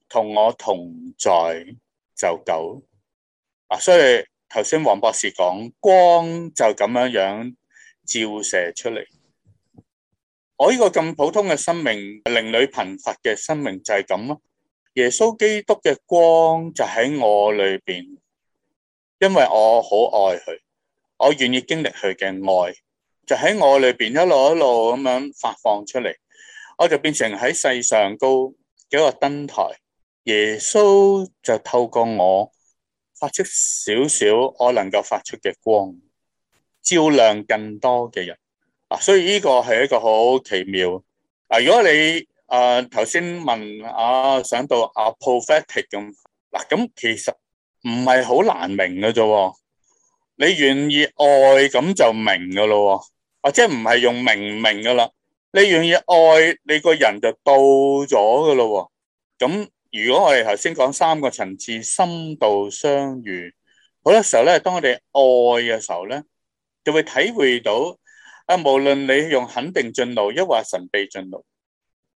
同我同在就夠。啊，所以頭先黃博士講光就咁樣樣照射出嚟，我呢個咁普通嘅生命、靈裡貧乏嘅生命就係咁咯。耶穌基督嘅光就喺我裏邊，因為我好愛佢，我願意經歷佢嘅愛。就喺我裏邊一路一路咁樣發放出嚟，我就變成喺世上高嘅一個燈台。耶穌就透過我發出少少我能夠發出嘅光，照亮更多嘅人啊。所以呢個係一個好奇妙啊。如果你誒，頭先問啊，想到 apophatic 咁嗱，咁其實唔係好難明嘅啫。你願意愛咁就明噶咯。或者唔係用明明噶啦？呢樣嘢愛，你個人就到咗噶咯。咁如果我哋頭先講三個層次，深度相遇，好多時候咧，當我哋愛嘅時候咧，就會體會到啊，無論你用肯定進路，抑或神秘進路，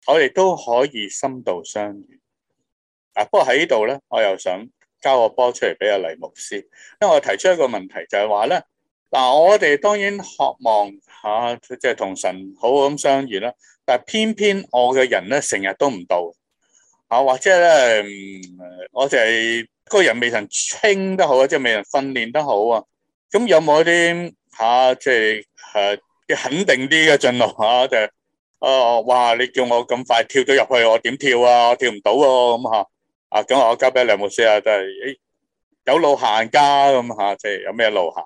我哋都可以深度相遇。嗱，不過喺呢度咧，我又想交個波出嚟俾阿黎牧師，因為我提出一個問題就係話咧。嗱、啊，我哋當然渴望嚇，即係同神好好咁相遇啦。但係偏偏我嘅人咧，成日都唔到，啊或者咧、嗯，我就係、是、個人未曾清得好，即、就、係、是、未曾訓練得好有有啊。咁有冇一啲嚇，即係誒，啲肯定啲嘅進路嚇、啊？就哦、是啊，哇！你叫我咁快跳咗入去，我點跳啊？我跳唔到咁嚇。啊，咁我交俾梁牧師啊，就係、是、誒，有路行家，咁嚇，即係有咩路行？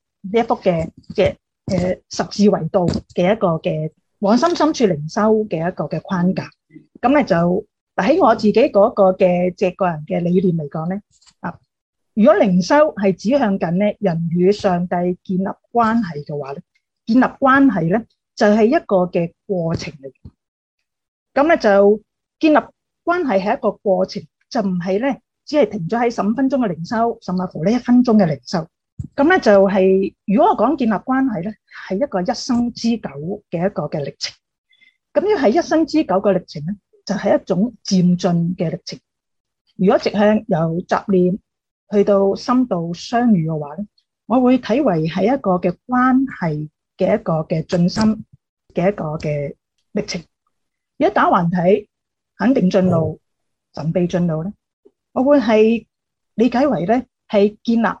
呢一幅嘅嘅誒十字維度嘅一個嘅往心深處靈修嘅一個嘅框架，咁咧就嗱喺我自己嗰個嘅借個人嘅理念嚟講咧，啊，如果靈修係指向緊咧人與上帝建立關係嘅話咧，建立關係咧就係一個嘅過程嚟，咁咧就建立關係係一個過程，就唔係咧只係停咗喺十五分鐘嘅靈修，甚至乎咧一分鐘嘅靈修。咁咧就係，如果我講建立關係咧，係一個一生之久嘅一個嘅歷程。咁要係一生之久嘅歷程咧，就係一種漸進嘅歷程。如果直向由雜念去到深度相遇嘅話咧，我會睇為係一個嘅關係嘅一個嘅進深嘅一個嘅歷程。如果打橫睇肯定進路，準備進路咧，我會係理解為咧係建立。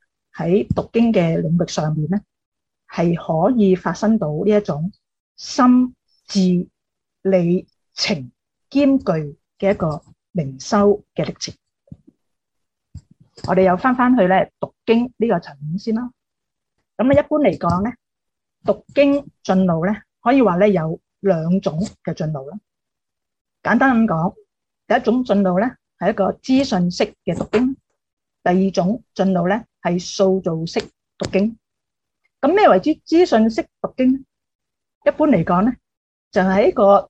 喺讀經嘅領域上面咧，係可以發生到呢一種心智理情兼具嘅一個靈修嘅歷程。我哋又翻翻去咧讀經呢個層面先啦。咁啊，一般嚟講咧，讀經進路咧，可以話咧有兩種嘅進路啦。簡單咁講，第一種進路咧係一個資訊式嘅讀經，第二種進路咧。係塑造式讀經，咁咩為之資訊式讀經咧？一般嚟講咧，就係喺個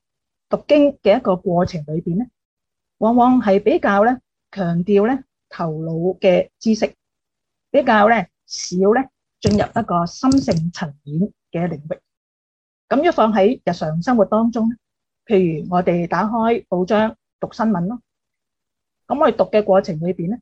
讀經嘅一個過程裏邊咧，往往係比較咧強調咧頭腦嘅知識，比較咧少咧進入一個心性層面嘅領域。咁一放喺日常生活當中咧，譬如我哋打開報章讀新聞咯，咁我哋讀嘅過程裏邊咧。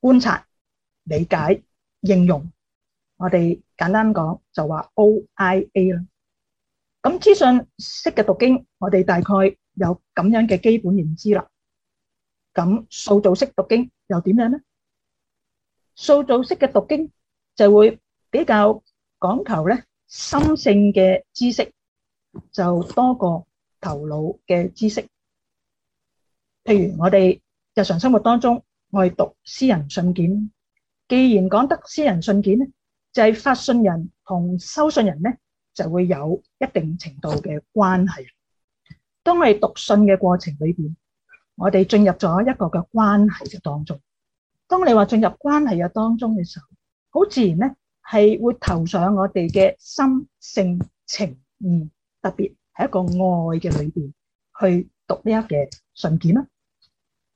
觀察、理解、應用，我哋簡單講就話 OIA 啦。咁資訊式嘅讀經，我哋大概有咁樣嘅基本認知啦。咁塑造式讀經又點樣咧？塑造式嘅讀經就會比較講求咧心性嘅知識就多過頭腦嘅知識。譬如我哋日常生活當中。我哋讀私人信件，既然講得私人信件咧，就係發信人同收信人咧就會有一定程度嘅關係。當我哋讀信嘅過程裏邊，我哋進入咗一個嘅關係嘅當中。當你話進入關係嘅當中嘅時候，好自然咧係會投上我哋嘅心性情意，特別係一個愛嘅裏邊去讀呢一嘅信件啦。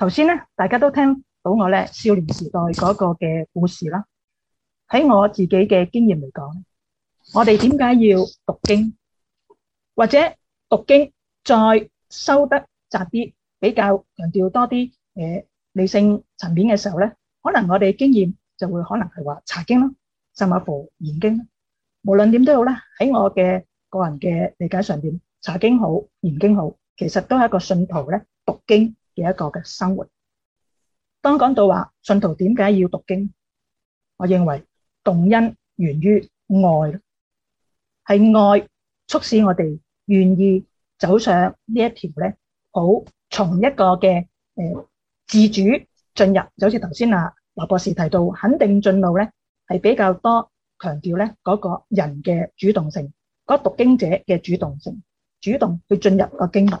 頭先咧，大家都聽到我咧少年時代嗰個嘅故事啦。喺我自己嘅經驗嚟講，我哋點解要讀經，或者讀經再收得窄啲，比較強調多啲誒理性層面嘅時候咧，可能我哋經驗就會可能係話查經咯，甚或乎研經。無論點都好啦，喺我嘅個人嘅理解上邊，查經好，研經好，其實都係一個信徒咧讀經。一個嘅生活。當講到話信徒點解要讀經，我認為動因源於愛，係愛促使我哋願意走上呢一條咧，好從一個嘅誒自主進入。就好似頭先啊，華博士提到，肯定進路咧係比較多強調咧嗰個人嘅主動性，嗰讀經者嘅主動性，主動去進入個經文。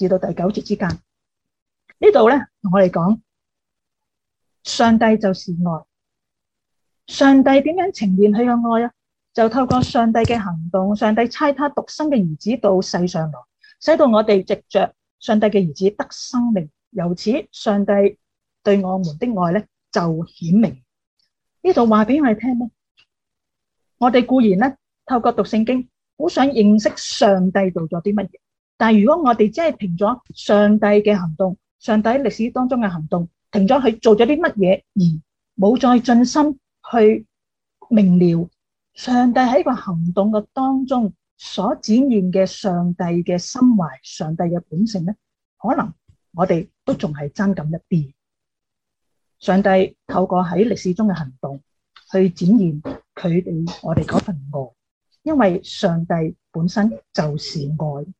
至到第九節之間，呢度咧同我哋講，上帝就是愛。上帝點樣呈現佢嘅愛啊？就透過上帝嘅行動，上帝差他獨生嘅兒子到世上來，使到我哋藉着上帝嘅兒子得生命。由此，上帝對我們的愛咧就顯明。呢度話俾我哋聽咩？我哋固然咧透過讀聖經，好想認識上帝做咗啲乜嘢。但係如果我哋只係停咗上帝嘅行動，上帝喺歷史當中嘅行動，停咗佢做咗啲乜嘢而冇再盡心去明了上帝喺個行動嘅當中所展現嘅上帝嘅心懷、上帝嘅本性咧，可能我哋都仲係爭咁一啲。上帝透過喺歷史中嘅行動去展現佢哋我哋嗰份愛，因為上帝本身就是愛。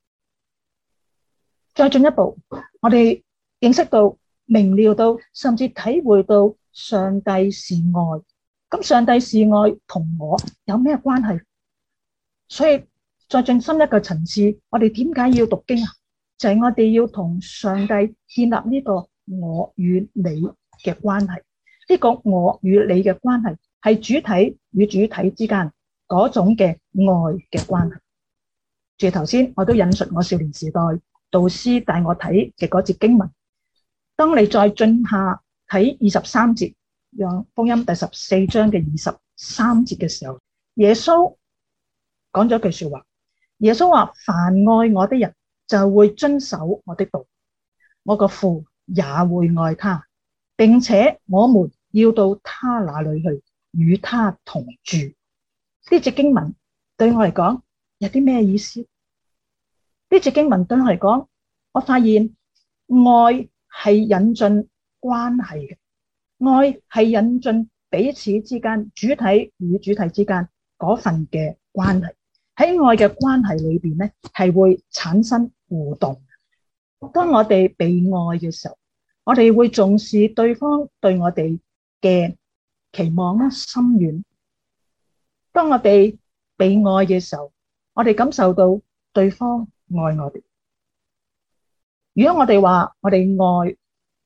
再進一步，我哋認識到、明瞭到，甚至體會到上帝是愛。咁上帝是愛同我有咩關係？所以再進深一個層次，我哋點解要讀經啊？就係我哋要同上帝建立呢個我與你嘅關係。呢個我與你嘅關係係主體與主體之間嗰種嘅愛嘅關係。住頭先，我都引述我少年時代。導師帶我睇嘅嗰節經文，當你再進下睇二十三節《約翰福音》第十四章嘅二十三節嘅時候，耶穌講咗句說話。耶穌話：凡愛我的人就會遵守我的道，我個父也會愛他，並且我們要到他那裡去與他同住。呢節經文對我嚟講有啲咩意思？呢段經文對我嚟講，我發現愛係引進關係嘅，愛係引進彼此之間主體與主體之間嗰份嘅關係。喺愛嘅關係裏邊咧，係會產生互動。當我哋被愛嘅時候，我哋會重視對方對我哋嘅期望啦、心願。當我哋被愛嘅時候，我哋感受到對方。愛我哋。如果我哋話我哋愛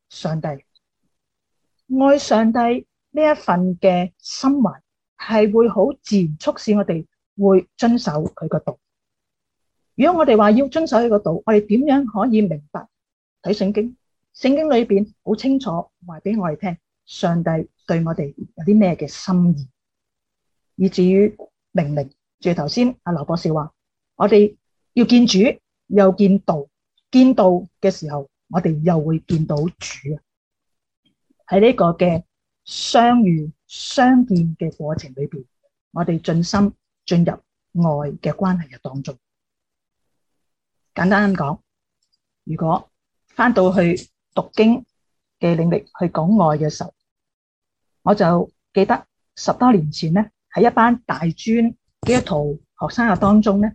上帝，愛上帝呢一份嘅心懷係會好自然促使我哋會遵守佢個道。如果我哋話要遵守佢個道，我哋點樣可以明白？睇聖經，聖經裏邊好清楚話俾我哋聽，上帝對我哋有啲咩嘅心意，以至於明明。正如頭先阿劉博士話，我哋。要見主，又見道；見道嘅時候，我哋又會見到主。喺呢個嘅相遇、相見嘅過程裏邊，我哋盡心進入愛嘅關係嘅當中。簡單講，如果翻到去讀經嘅領域去講愛嘅時候，我就記得十多年前咧，喺一班大專基督徒學生嘅當中咧。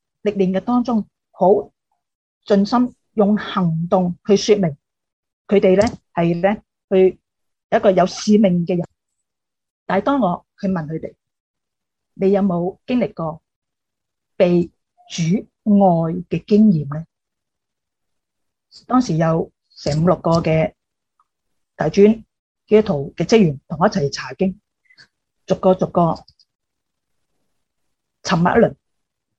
歷練嘅當中，好盡心用行動去說明佢哋咧，係咧，去一個有使命嘅人。但係當我去問佢哋，你有冇經歷過被主愛嘅經驗咧？當時有成五六個嘅大專基督徒嘅職員，同我一齊查經，逐個逐個沉默一輪，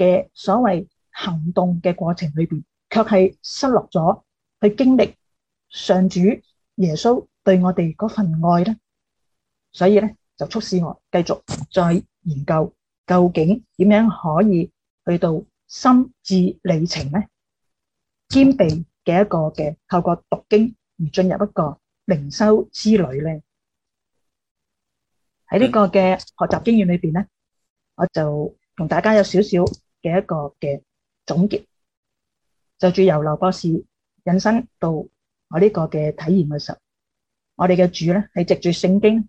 嘅所謂行動嘅過程裏邊，卻係失落咗去經歷上主耶穌對我哋嗰份愛咧，所以咧就促使我繼續再研究究竟點樣可以去到心智理情咧兼備嘅一個嘅，透過讀經而進入一個靈修之旅咧。喺呢個嘅學習經驗裏邊咧，我就同大家有少少。嘅一個嘅總結，就住由劉博士引申到我呢個嘅體驗嘅時候，我哋嘅主咧係籍住聖經，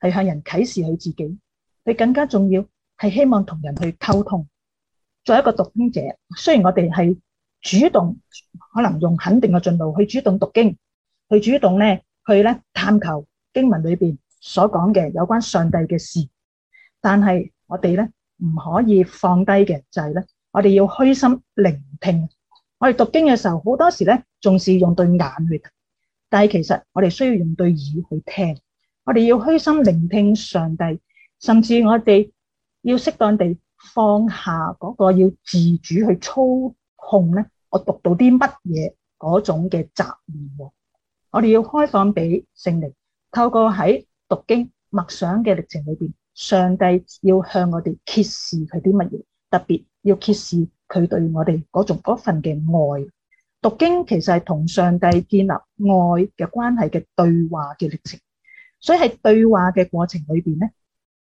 係向人啟示佢自己，佢更加重要係希望同人去溝通。作為一個讀經者，雖然我哋係主動，可能用肯定嘅進路去主動讀經，去主動咧去咧探求經文裏邊所講嘅有關上帝嘅事，但係我哋咧。唔可以放低嘅就係咧，我哋要虛心聆聽。我哋讀經嘅時候，好多時咧，仲是用對眼去睇，但係其實我哋需要用對耳去聽。我哋要虛心聆聽上帝，甚至我哋要適當地放下嗰個要自主去操控咧，我讀到啲乜嘢嗰種嘅雜念。我哋要開放俾聖靈，透過喺讀經默想嘅歷程裏邊。上帝要向我哋揭示佢啲乜嘢，特別要揭示佢對我哋嗰種嗰份嘅愛。讀經其實係同上帝建立愛嘅關係嘅對話嘅歷程，所以喺對話嘅過程裏邊咧，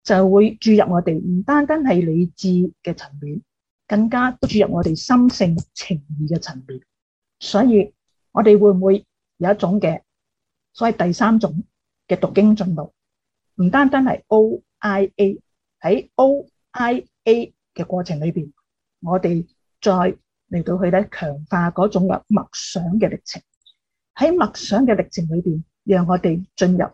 就會注入我哋唔單單係理智嘅層面，更加注入我哋心性情意嘅層面。所以我哋會唔會有一種嘅所謂第三種嘅讀經進度，唔單單係 O。I A 喺 O I A 嘅過程裏邊，我哋再嚟到佢咧強化嗰種嘅默想嘅歷程。喺默想嘅歷程裏邊，讓我哋進入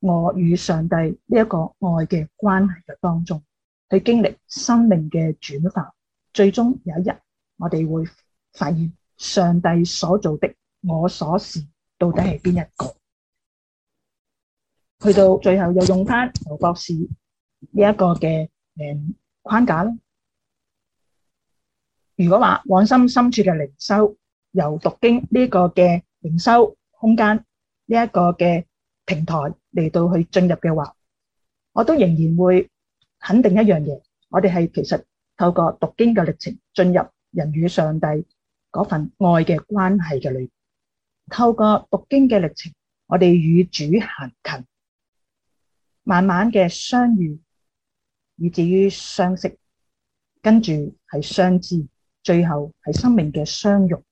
我與上帝呢一個愛嘅關係嘅當中，去經歷生命嘅轉化。最終有一日，我哋會發現上帝所做的，我所是到底係邊一個？去到最後又用翻劉博士，呢一個嘅，誒框架咧，如果話往心深處嘅靈修，由讀經呢一個嘅靈修空間，呢一個嘅平台嚟到去進入嘅話，我都仍然會肯定一樣嘢，我哋係其實透過讀經嘅歷程進入人與上帝嗰份愛嘅關係嘅裏面，透過讀經嘅歷程，我哋與主行近，慢慢嘅相遇，以至於相識，跟住係相知，最後係生命嘅相融。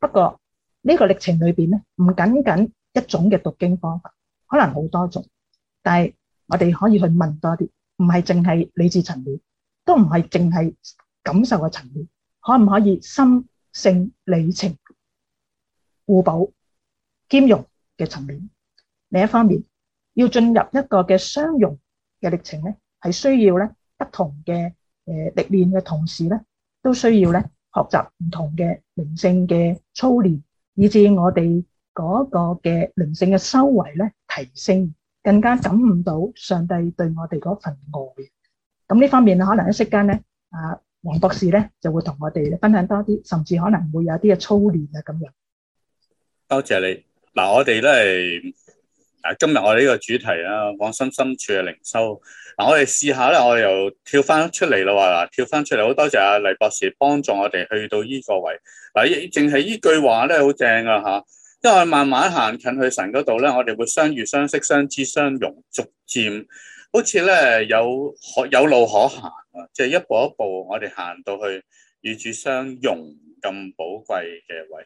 不過呢個歷程裏邊咧，唔僅僅一種嘅讀經方法，可能好多種。但係我哋可以去問多啲，唔係淨係理智層面，都唔係淨係感受嘅層面，可唔可以心性理情互補兼融嘅層面？另一方面，要進入一個嘅相融嘅歷程咧。係需要咧不同嘅誒歷練嘅同時咧，都需要咧學習唔同嘅靈性嘅操練，以致我哋嗰個嘅靈性嘅修為咧提升，更加感悟到上帝對我哋嗰份愛。咁呢方面可能一息間咧，啊黃博士咧就會同我哋分享多啲，甚至可能會有啲嘅操練啊咁樣。多謝你，嗱，我哋都係。啊！今日我呢個主題啊，講心深處嘅靈修。嗱，我哋試下咧，我又跳翻出嚟啦，話，跳翻出嚟好多謝阿黎博士幫助我哋去到呢個位。嗱，依淨係呢句話咧，好正啊吓，因為慢慢行近去神嗰度咧，我哋會相遇、相識、相知、相融，逐漸好似咧有有路可行啊，即係一步一步我哋行到去與主相融咁寶貴嘅位。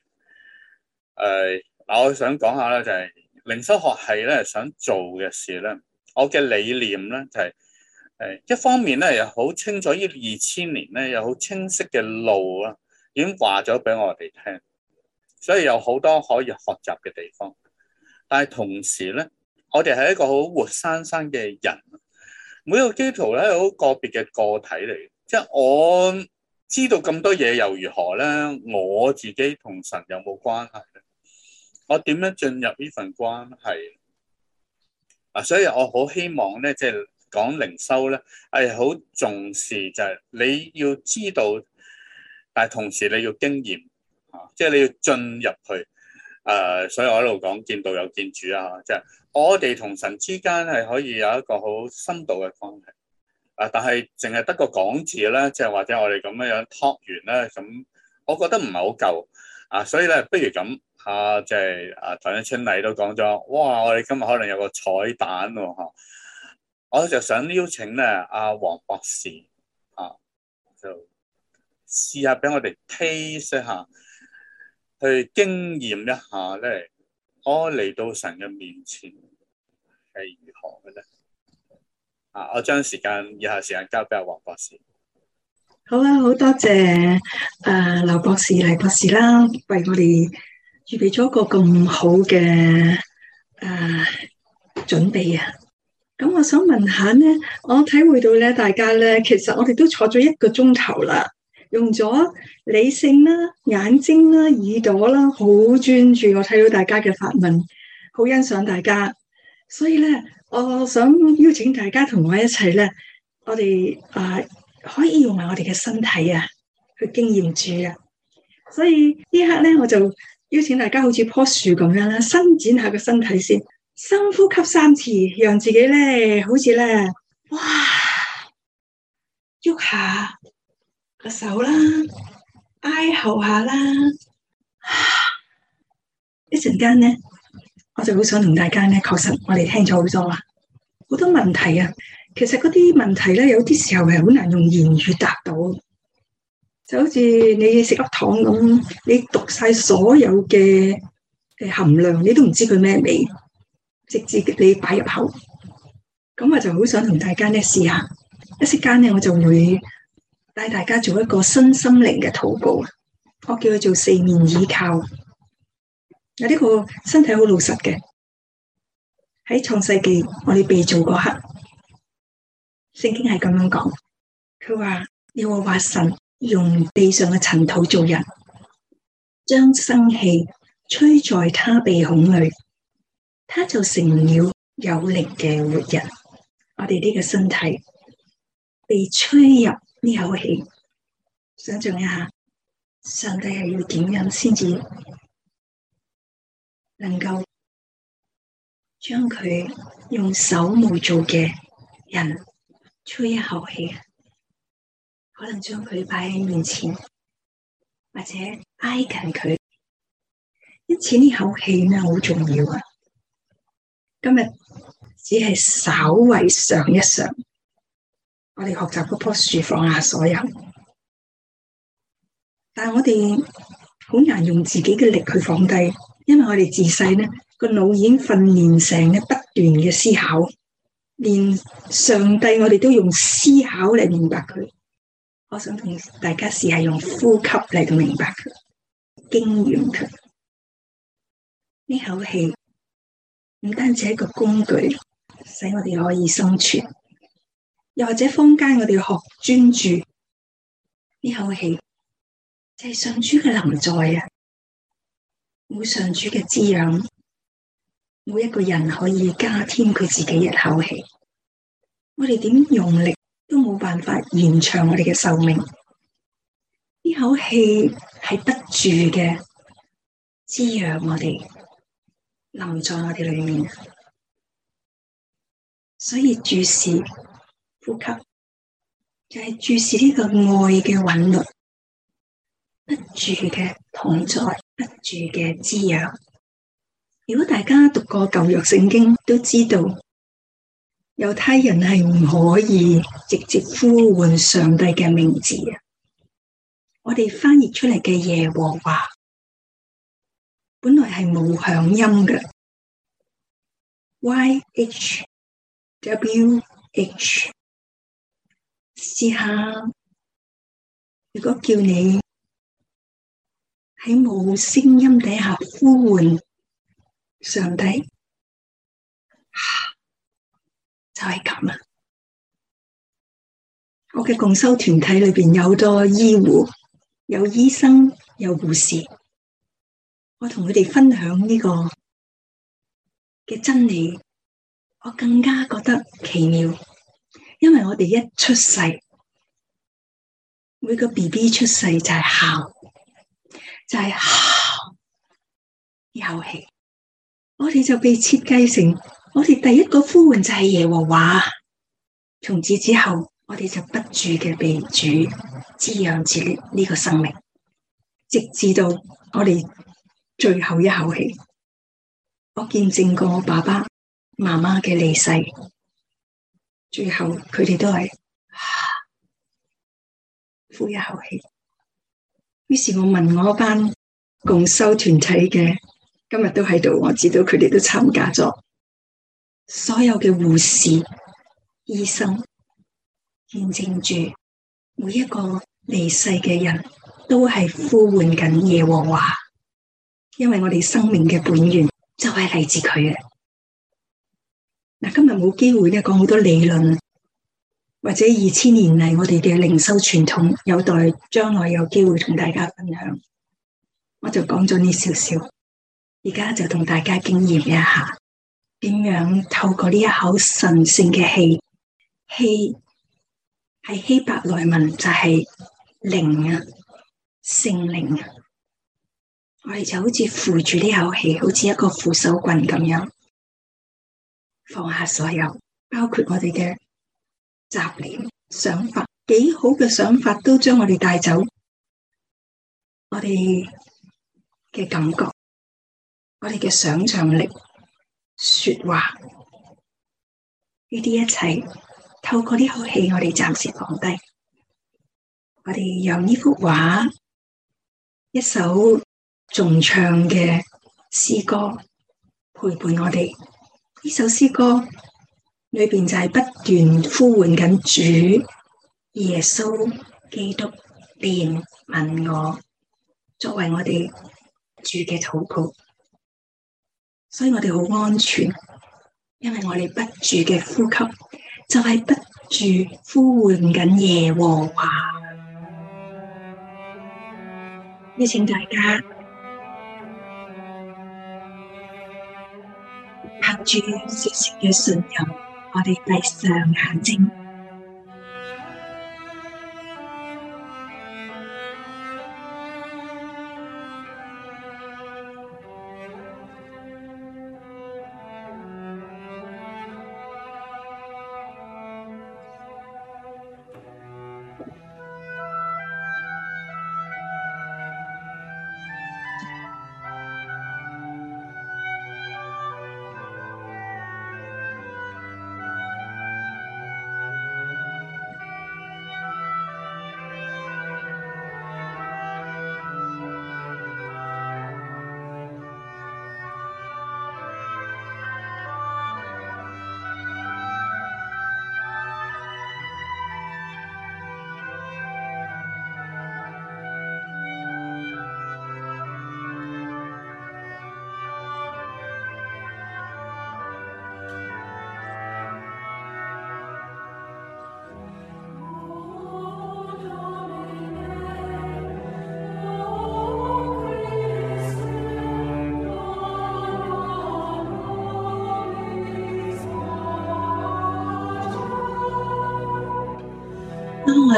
誒，嗱，我想講下咧就係。靈修學係咧想做嘅事咧，我嘅理念咧就係、是、誒，一方面咧又好清楚，呢二千年咧有好清晰嘅路啊，已經話咗俾我哋聽，所以有好多可以學習嘅地方。但係同時咧，我哋係一個好活生生嘅人，每個基督徒咧係好個別嘅個體嚟，即、就、係、是、我知道咁多嘢又如何咧？我自己同神有冇關係？我點樣進入呢份關係啊？所以我好希望咧，即係講靈修咧，係好重視就係你要知道，但係同時你要經驗啊，即係你要進入去誒、啊。所以我喺度講見到有見主啊，即係我哋同神之間係可以有一個好深度嘅關係啊。但係淨係得個講字咧，即係或者我哋咁樣樣 talk 完咧，咁我覺得唔係好夠啊。所以咧，不如咁。啊，即係啊，唐一春禮都講咗，哇！我哋今日可能有個彩蛋喎，吓，我就想邀請咧，阿、啊、黃博士，啊，就試下俾我哋 taste 一下，去經驗一下咧，我、啊、嚟到神嘅面前係如何嘅咧？啊，我將時間以下時間交俾阿黃博士。好啦、啊，好多謝，誒、啊，劉博士黎博士啦，為我哋。預備咗一個咁好嘅誒、呃、準備啊！咁我想問下咧，我體會到咧，大家咧，其實我哋都坐咗一個鐘頭啦，用咗理性啦、眼睛啦、耳朵啦，好專注。我睇到大家嘅發問，好欣賞大家。所以咧，我想邀請大家同我一齊咧，我哋啊、呃、可以用埋我哋嘅身體啊去經驗住啊！所以呢一刻咧，我就。邀請大家好似樖樹咁樣啦，伸展下個身體先，深呼吸三次，讓自己咧好似咧，哇，喐下個手啦，哀喉下啦，啊、一陣間咧，我就好想同大家咧，確實我哋聽咗好多啊，好多問題啊，其實嗰啲問題咧，有啲時候係好難用言語答到。就好似你食粒糖咁，你讀晒所有嘅、誒含量，你都唔知佢咩味，直至你擺入口。咁我就好想同大家咧試下，一息間咧我就會帶大家做一個新心靈嘅禱告。我叫佢做四面倚靠。阿、這、呢個身體好老實嘅，喺創世紀我哋被造嗰刻，聖經係咁樣講，佢話要我話神。用地上嘅塵土做人，將生氣吹在他鼻孔裏，他就成了有力嘅活人。我哋呢個身體被吹入呢口氣，想象一下，上帝係要點樣先至能夠將佢用手無做嘅人吹一口氣？可能將佢擺喺面前，或者挨近佢，因此呢口氣呢好重要啊！今日只係稍微嘗一嘗，我哋學習嗰棵樹放下所有，但我哋好難用自己嘅力去放低，因為我哋自細呢個腦已經訓練成咗不斷嘅思考，連上帝我哋都用思考嚟明白佢。我想同大家試下用呼吸嚟到明白佢，經驗佢，呢口氣唔單止係一個工具，使我哋可以生存，又或者坊間我哋要學專注呢口氣，就係上主嘅臨在啊！冇上主嘅滋養，冇一個人可以加添佢自己一口氣。我哋點用力？都冇辦法延長我哋嘅壽命，呢口氣係不住嘅滋養我哋，留在我哋裏面。所以注視呼吸，就係、是、注視呢個愛嘅韻律，不住嘅同在，不住嘅滋養。如果大家讀過舊約聖經，都知道。猶太人係唔可以直接呼喚上帝嘅名字。我哋翻譯出嚟嘅耶和華，本來係冇響音嘅。Y H W H，試下如果叫你喺冇聲音底下呼喚上帝。就係咁啦！我嘅共修團體裏邊有好多醫護，有醫生，有護士。我同佢哋分享呢個嘅真理，我更加覺得奇妙。因為我哋一出世，每個 B B 出世就係喊，就係喊呢口氣，我哋就被設計成。我哋第一個呼喚就係耶和華，從此之後我哋就不住嘅被主滋養住呢個生命，直至到我哋最後一口氣。我見證過我爸爸、媽媽嘅離世，最後佢哋都係、啊、呼一口氣。於是我問我班共修團體嘅，今日都喺度，我知道佢哋都參加咗。所有嘅護士、醫生見證住每一個離世嘅人都係呼喚緊耶和華，因為我哋生命嘅本源就係嚟自佢嘅。嗱，今日冇機會呢講好多理論，或者二千年嚟我哋嘅靈修傳統，有待將來有機會同大家分享。我就講咗呢少少，而家就同大家經驗一下。點樣透過呢一口神聖嘅氣？氣係希伯來文就係靈啊，聖靈啊。我哋就好似扶住呢口氣，好似一個扶手棍咁樣放下所有，包括我哋嘅雜念、想法，幾好嘅想法都將我哋帶走。我哋嘅感覺，我哋嘅想象力。說話呢啲一切透過啲空氣，我哋暫時放低，我哋由呢幅畫、一首頌唱嘅詩歌陪伴我哋。呢首詩歌裏邊就係不斷呼喚緊主耶穌基督，憐憫我，作為我哋住嘅土谷。所以我哋好安全，因為我哋不住嘅呼吸，就係、是、不住呼喚緊耶和華。邀請大家靠住少少嘅信任，我哋閉上眼睛。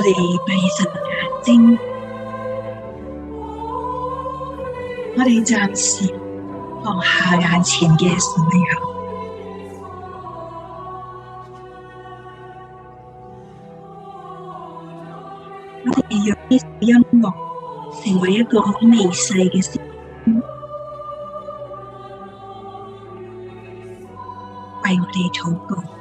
我哋閉實眼睛，我哋暫時放下眼前嘅所有，我哋讓呢首音樂成為一個好微細嘅聲音，為我哋禱告。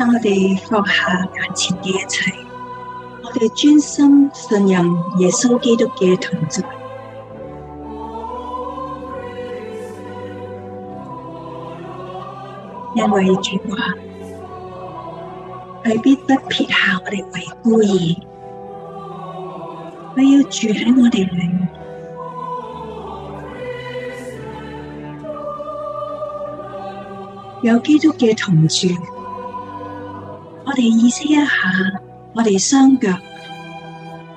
當我哋放下眼前嘅一切，我哋專心信任耶穌基督嘅同在，因為主話：佢必不撇下我哋為孤兒，佢要住喺我哋裏。有基督嘅同在。我哋意識一下，我哋雙腳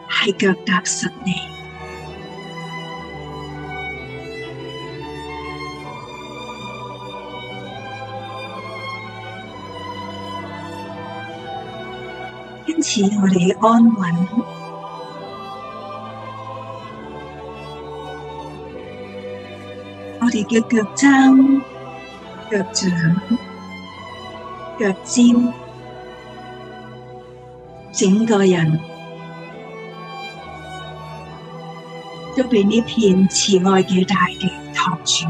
係腳踏實地，因此我哋嘅安穩，我哋嘅腳踭、腳掌、腳尖。整個人都被呢片慈愛嘅大地托住，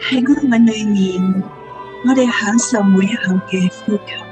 喺安穩裏面，我哋享受每一口嘅呼吸。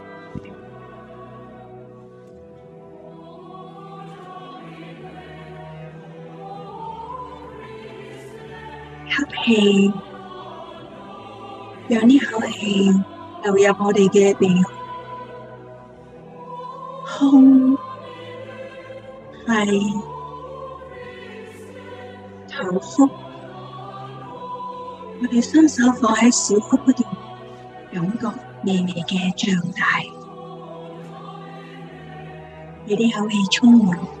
氣，讓呢口氣流入我哋嘅鼻腔、胸、頭、腹，我哋雙手放喺小腹嗰度，感覺微微嘅脹大，俾啲口氣充滿。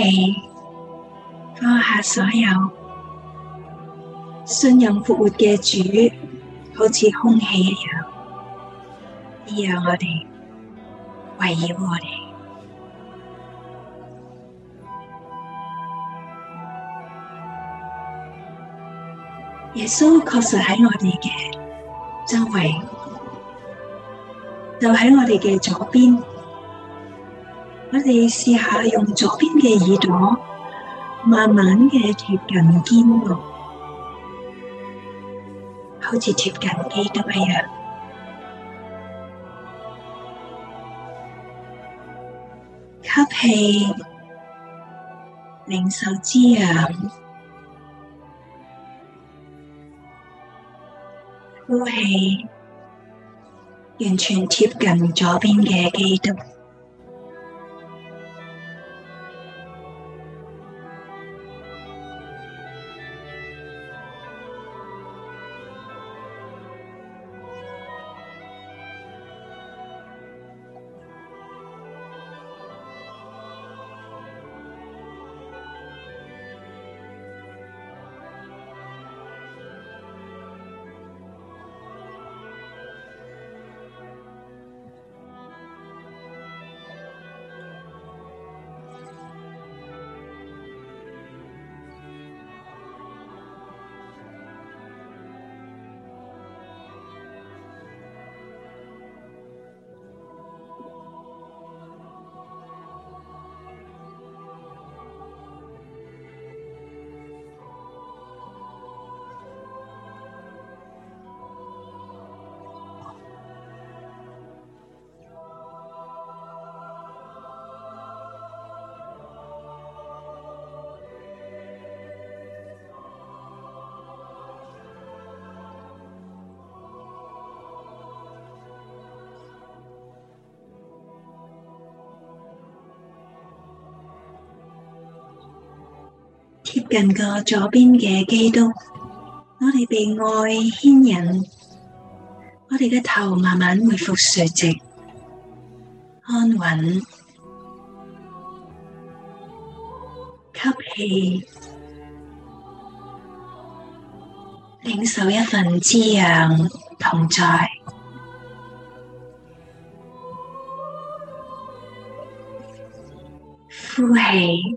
氣放下所有，信任復活嘅主，好似空氣一樣，滋養我哋，圍繞我哋。耶穌確實喺我哋嘅周圍，就喺我哋嘅左邊。我哋試下用左邊嘅耳朵，慢慢嘅貼近肩部，好似貼近基督一樣。吸氣，靈受滋養，呼氣，完全貼近左邊嘅基督。近個左邊嘅基督，我哋被愛牽引，我哋嘅頭慢慢恢復垂直，安穩，吸氣，領受一份滋養同在，呼氣。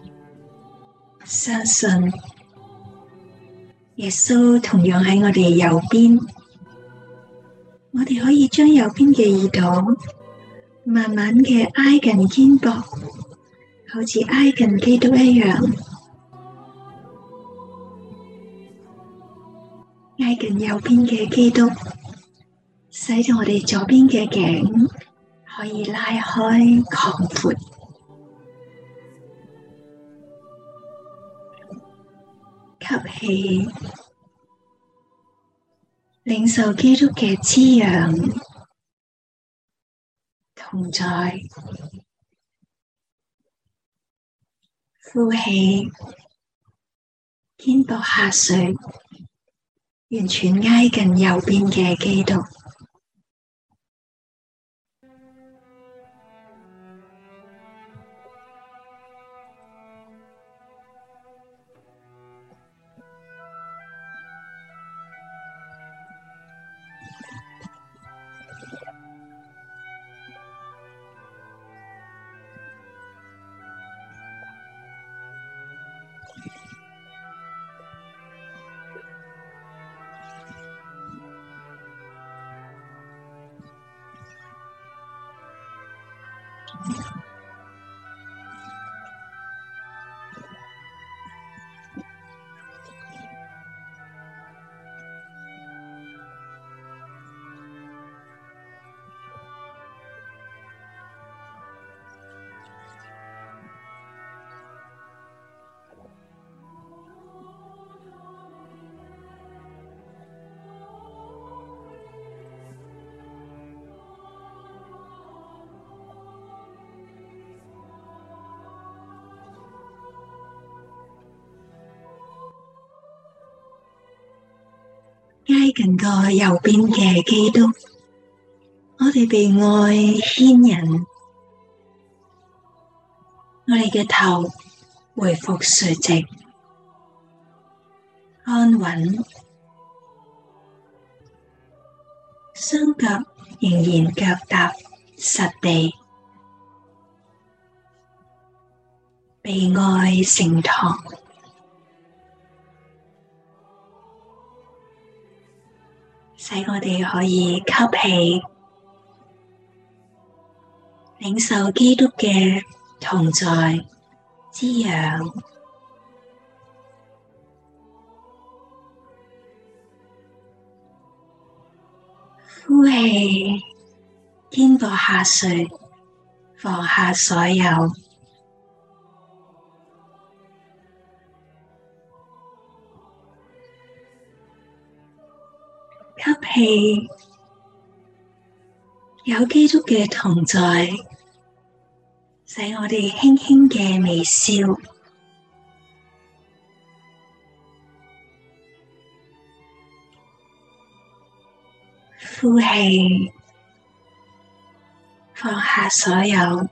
相信耶穌同樣喺我哋右邊，我哋可以將右邊嘅耳朵慢慢嘅挨近肩膊，好似挨近基督一樣，挨近右邊嘅基督，使咗我哋左邊嘅頸可以拉開擴闊。吸氣，領受基督嘅滋養，同在呼氣，肩膊下垂，完全挨近右邊嘅基督。近過右邊嘅基督，我哋被愛牽引，我哋嘅頭回復垂直安穩，雙腳仍然腳踏實地，被愛承托。使我哋可以吸氣，領受基督嘅同在滋養，呼氣，肩膊下垂，放下所有。吸氣，有基督嘅同在，使我哋輕輕嘅微笑。呼氣，放下所有，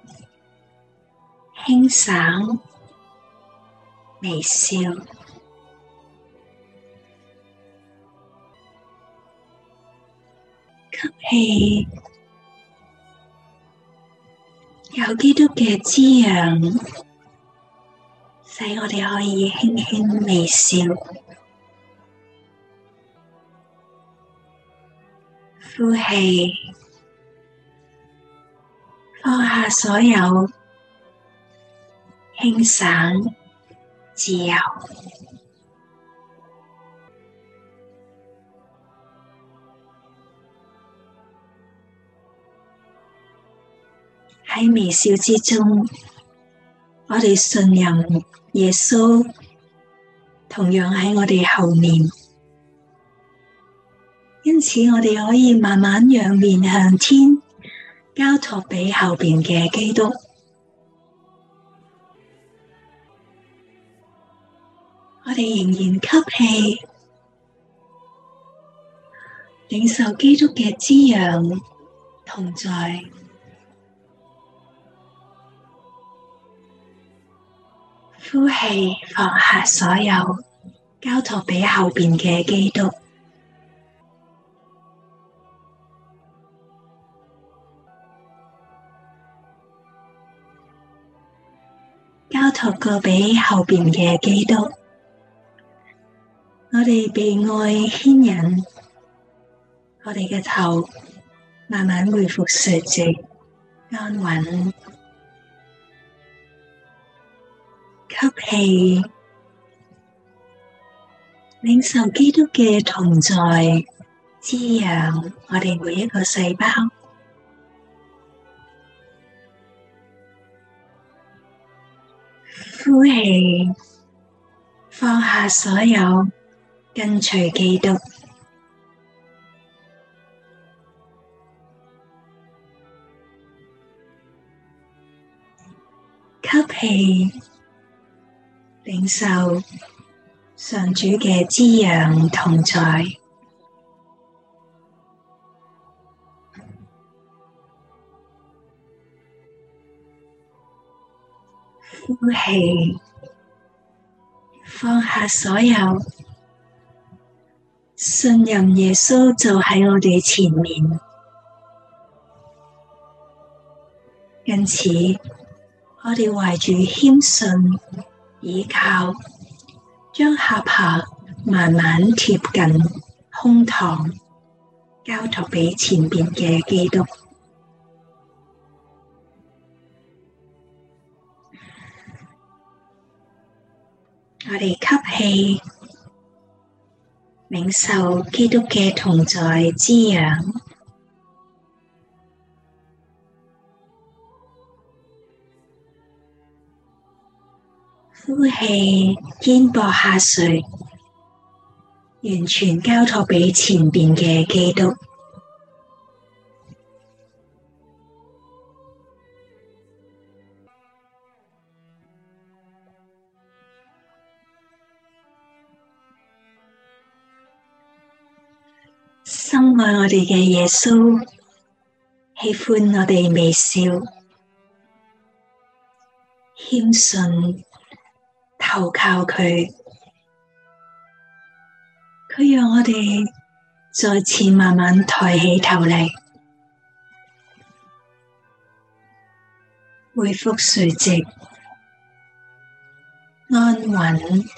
輕省微笑。吸氣，有基督嘅滋養，使我哋可以輕輕微笑。呼氣，放下所有，輕省自由。喺微笑之中，我哋信任耶穌，同樣喺我哋後面。因此，我哋可以慢慢仰面向天，交託俾後邊嘅基督。我哋仍然吸氣，領受基督嘅滋養、同在。呼氣，放下所有，交託俾後邊嘅基督，交託個俾後邊嘅基督。我哋被愛牽引，我哋嘅頭慢慢回復垂直，安穩。吸氣，領受基督嘅同在，滋養我哋每一個細胞。呼氣，放下所有，跟隨基督。吸氣。領受上主嘅滋養同在，呼氣，放下所有，信任耶穌就喺我哋前面。因此，我哋懷住謙遜。倚靠，將下巴慢慢貼近胸膛，交托畀前邊嘅基督。我哋吸氣，領受基督嘅同在滋養。呼氣，肩膊下垂，完全交托畀前邊嘅基督。深愛我哋嘅耶穌，喜歡我哋微笑、謙遜。投靠佢，佢讓我哋再次慢慢抬起頭嚟，恢復垂直安穩，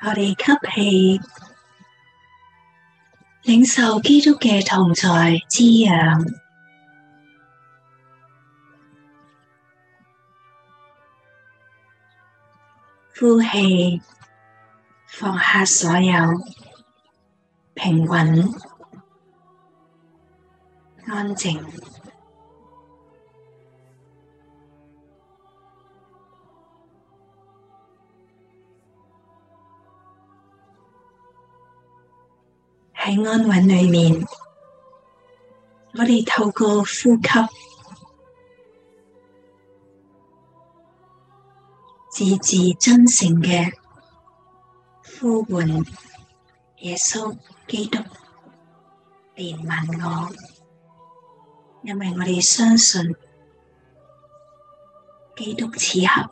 我哋吸氣。領受基督嘅同在滋養，呼氣，放下所有，平穩，安靜。喺安穩裏面，我哋透過呼吸，字字真誠嘅呼喚耶穌基督憐憫我，因為我哋相信基督此刻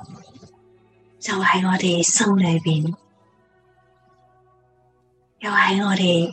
就喺我哋心裏邊，又喺我哋。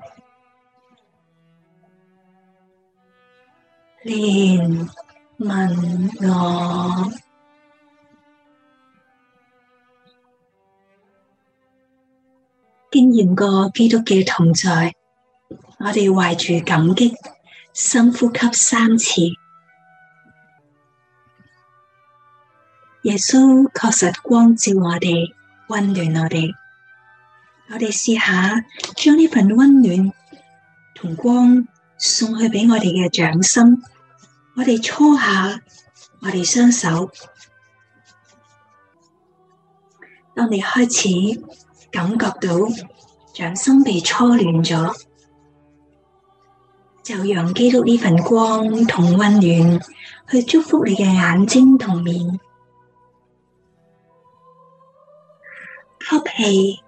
連問我經驗過基督嘅同在，我哋懷住感激，深呼吸三次。耶穌確實光照我哋，溫暖我哋。我哋試下將呢份溫暖同光送去畀我哋嘅掌心。我哋搓下我哋雙手，當你開始感覺到掌心被搓暖咗，就讓基督呢份光同溫暖去祝福你嘅眼睛同面，吸氣，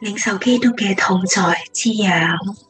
領受基督嘅同在滋養。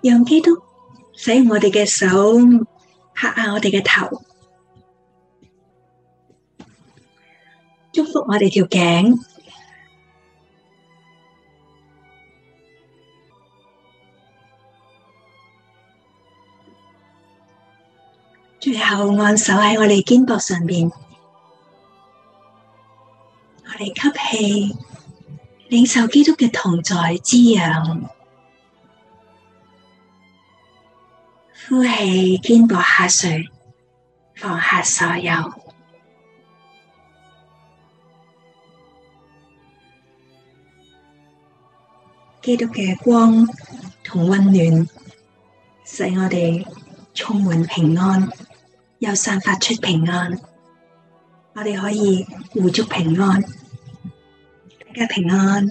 讓基督使用我哋嘅手，拍下我哋嘅頭，祝福我哋條頸。最後按手喺我哋肩膊上面，我哋吸氣，領受基督嘅同在滋養。呼氣，肩膊下垂，放下所有。基督嘅光同溫暖，使我哋充滿平安，又散發出平安。我哋可以互祝平安，大家平安。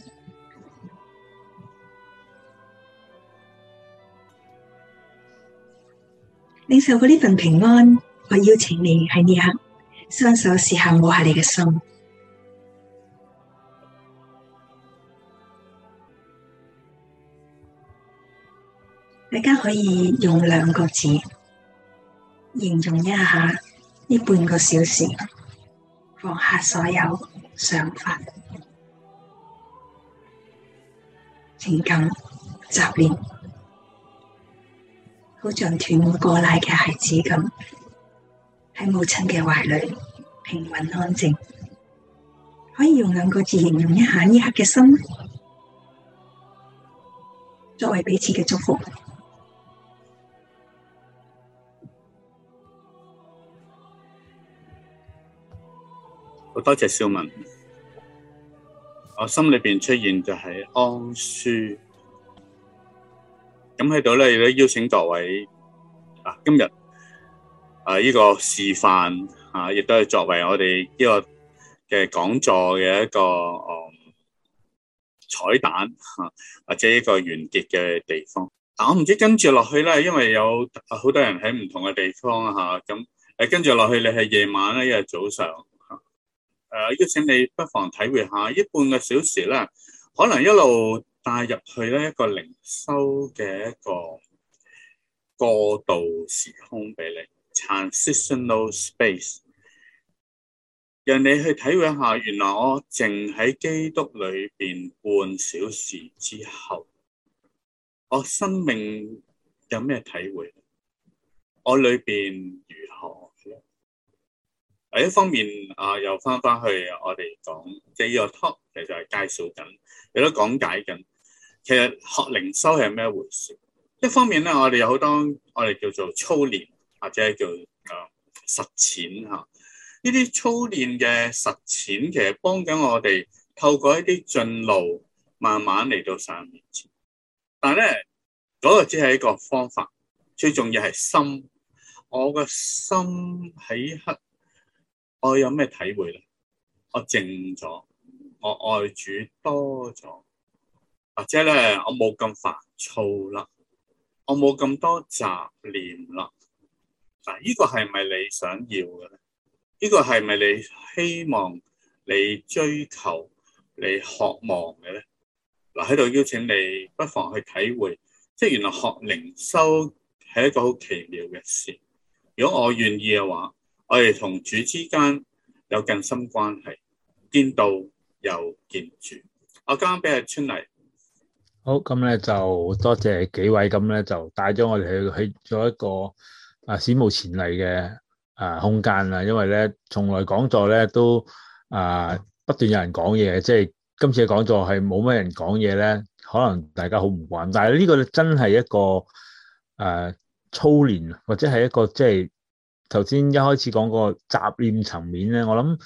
你受過呢份平安，我邀請你喺呢刻雙手試下摸下你嘅心。大家可以用兩個字形容一下呢半個小時，放下所有想法、情感、雜念。好像斷過奶嘅孩子咁，喺母親嘅懷裏平穩安靜，可以用兩個字形容一下呢刻嘅心，作為彼此嘅祝福。好多謝小文，我心裏邊出現就係安舒。咁喺度咧，亦都邀請各位啊今日啊依、呢個示範嚇，亦、啊、都係作為我哋呢個嘅講座嘅一個嗯彩蛋嚇、啊，或者一個完結嘅地方。啊，我唔知跟住落去咧，因為有好多人喺唔同嘅地方嚇，咁、啊、誒、啊、跟住落去你係夜晚咧，亦係早上嚇。誒、啊、邀請你不妨體會下，一半個小時啦，可能一路。帶入去咧，一個靈修嘅一個過渡時空俾你 （transitional space），讓你去體會一下，原來我淨喺基督裏邊半小時之後，我生命有咩體會？我裏邊如何？另一方面啊，又翻返去我哋講第二個 talk，其實係介紹緊，亦都講解緊。其實學靈修係咩回事？一方面咧，我哋有好多我哋叫做操練，或者叫誒、呃、實踐嚇。呢、啊、啲操練嘅實踐，其實幫緊我哋透過一啲進路，慢慢嚟到神面前。但咧，嗰、那個只係一個方法，最重要係心。我個心喺呢刻，我有咩體會咧？我靜咗，我愛主多咗。或者咧，我冇咁煩躁啦，我冇咁多雜念啦。嗱，依個係咪你想要嘅咧？依、這個係咪你希望、你追求、你渴望嘅咧？嗱，喺度邀請你，不妨去體會，即係原來學靈修係一個好奇妙嘅事。如果我願意嘅話，我哋同主之間有更深關係，見到又見住。我剛剛俾阿春嚟。好，咁咧就多謝幾位，咁咧就帶咗我哋去去做一個啊史無前例嘅啊空間啦。因為咧從來講座咧都啊不斷有人講嘢，即係今次嘅講座係冇乜人講嘢咧，可能大家好唔慣。但係呢個真係一個誒操練，或者係一個即係頭先一開始講個雜念層面咧，我諗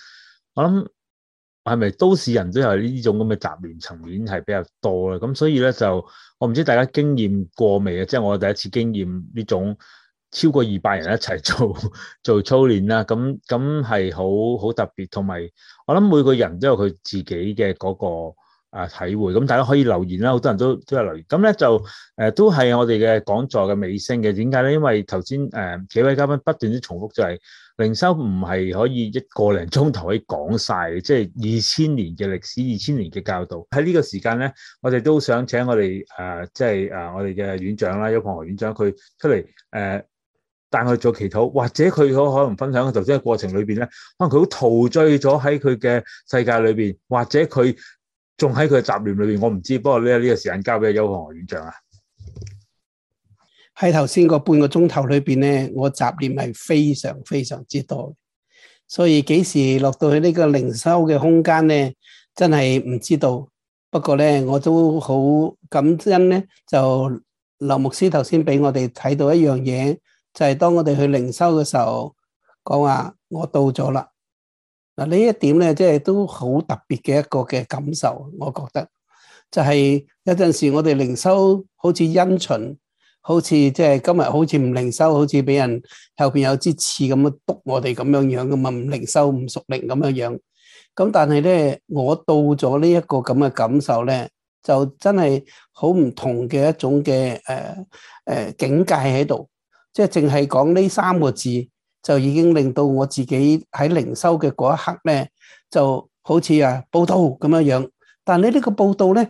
我諗。係咪都市人都係呢種咁嘅雜亂層面係比較多咧？咁所以咧就我唔知大家經驗過未啊？即係我第一次經驗呢種超過二百人一齊做做操練啦。咁咁係好好特別，同埋我諗每個人都有佢自己嘅嗰個啊體會。咁大家可以留言啦，好多人都都有留言。咁咧就誒、呃、都係我哋嘅講座嘅尾聲嘅。點解咧？因為頭先誒幾位嘉賓不斷啲重複就係、是。靈修唔係可以一個零鐘頭可以講晒，即係二千年嘅歷史，二千年嘅教導。喺呢個時間咧，我哋都想請我哋誒，即係誒，我哋嘅院長啦，邱望河院長，佢出嚟誒，帶、呃、佢做祈禱，或者佢可可能分享佢頭先嘅過程裡邊咧，可能佢好陶醉咗喺佢嘅世界裡邊，或者佢仲喺佢嘅雜念裡邊，我唔知。不過呢呢個時間交俾邱望河院長啊。喺頭先個半個鐘頭裏邊咧，我雜念係非常非常之多，所以幾時落到去呢個靈修嘅空間咧，真係唔知道。不過咧，我都好感恩咧，就劉牧師頭先俾我哋睇到一樣嘢，就係當我哋去靈修嘅時候，講話我到咗啦。嗱，呢一點咧，即係都好特別嘅一個嘅感受，我覺得就係有陣時我哋靈修好似因循，好似即係今日，好似唔靈修，好似俾人後邊有支刺咁樣督我哋咁樣樣噶嘛，唔靈修，唔熟靈咁樣樣。咁但係咧，我到咗呢一個咁嘅感受咧，就真係好唔同嘅一種嘅誒誒境界喺度。即係淨係講呢三個字，就已經令到我自己喺靈修嘅嗰一刻咧，就好似啊報道咁樣樣。但係呢個報道咧。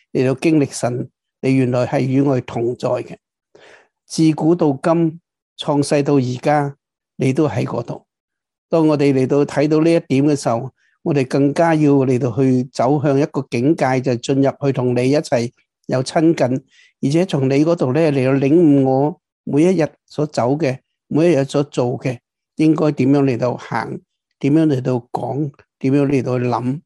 嚟到經歷神，你原來係與我同在嘅。自古到今，創世到而家，你都喺嗰度。當我哋嚟到睇到呢一點嘅時候，我哋更加要嚟到去走向一個境界，就是，進入去同你一齊有親近，而且從你嗰度咧嚟到領悟我每一日所走嘅，每一日所做嘅，應該點樣嚟到行，點樣嚟到講，點樣嚟到諗。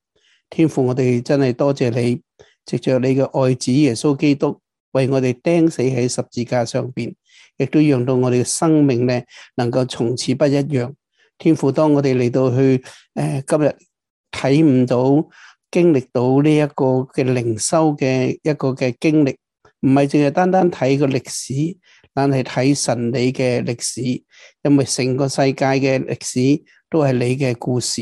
天父，我哋真係多謝你。藉着你嘅愛子耶穌基督為我哋釘死喺十字架上邊，亦都讓到我哋嘅生命咧能夠從此不一樣。天父，當我哋嚟到去誒、呃、今日睇唔到，經歷到呢一個嘅靈修嘅一個嘅經歷，唔係淨係單單睇個歷史，但係睇神你嘅歷史，因為成個世界嘅歷史都係你嘅故事。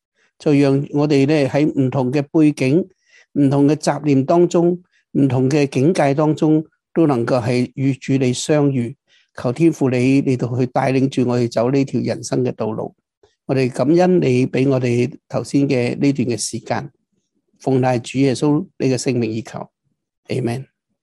就讓我哋咧喺唔同嘅背景、唔同嘅雜念當中、唔同嘅境界當中，都能夠係與主你相遇。求天父你，你到去帶領住我哋走呢條人生嘅道路。我哋感恩你俾我哋頭先嘅呢段嘅時間，奉大主耶穌你嘅聖名以求。阿門。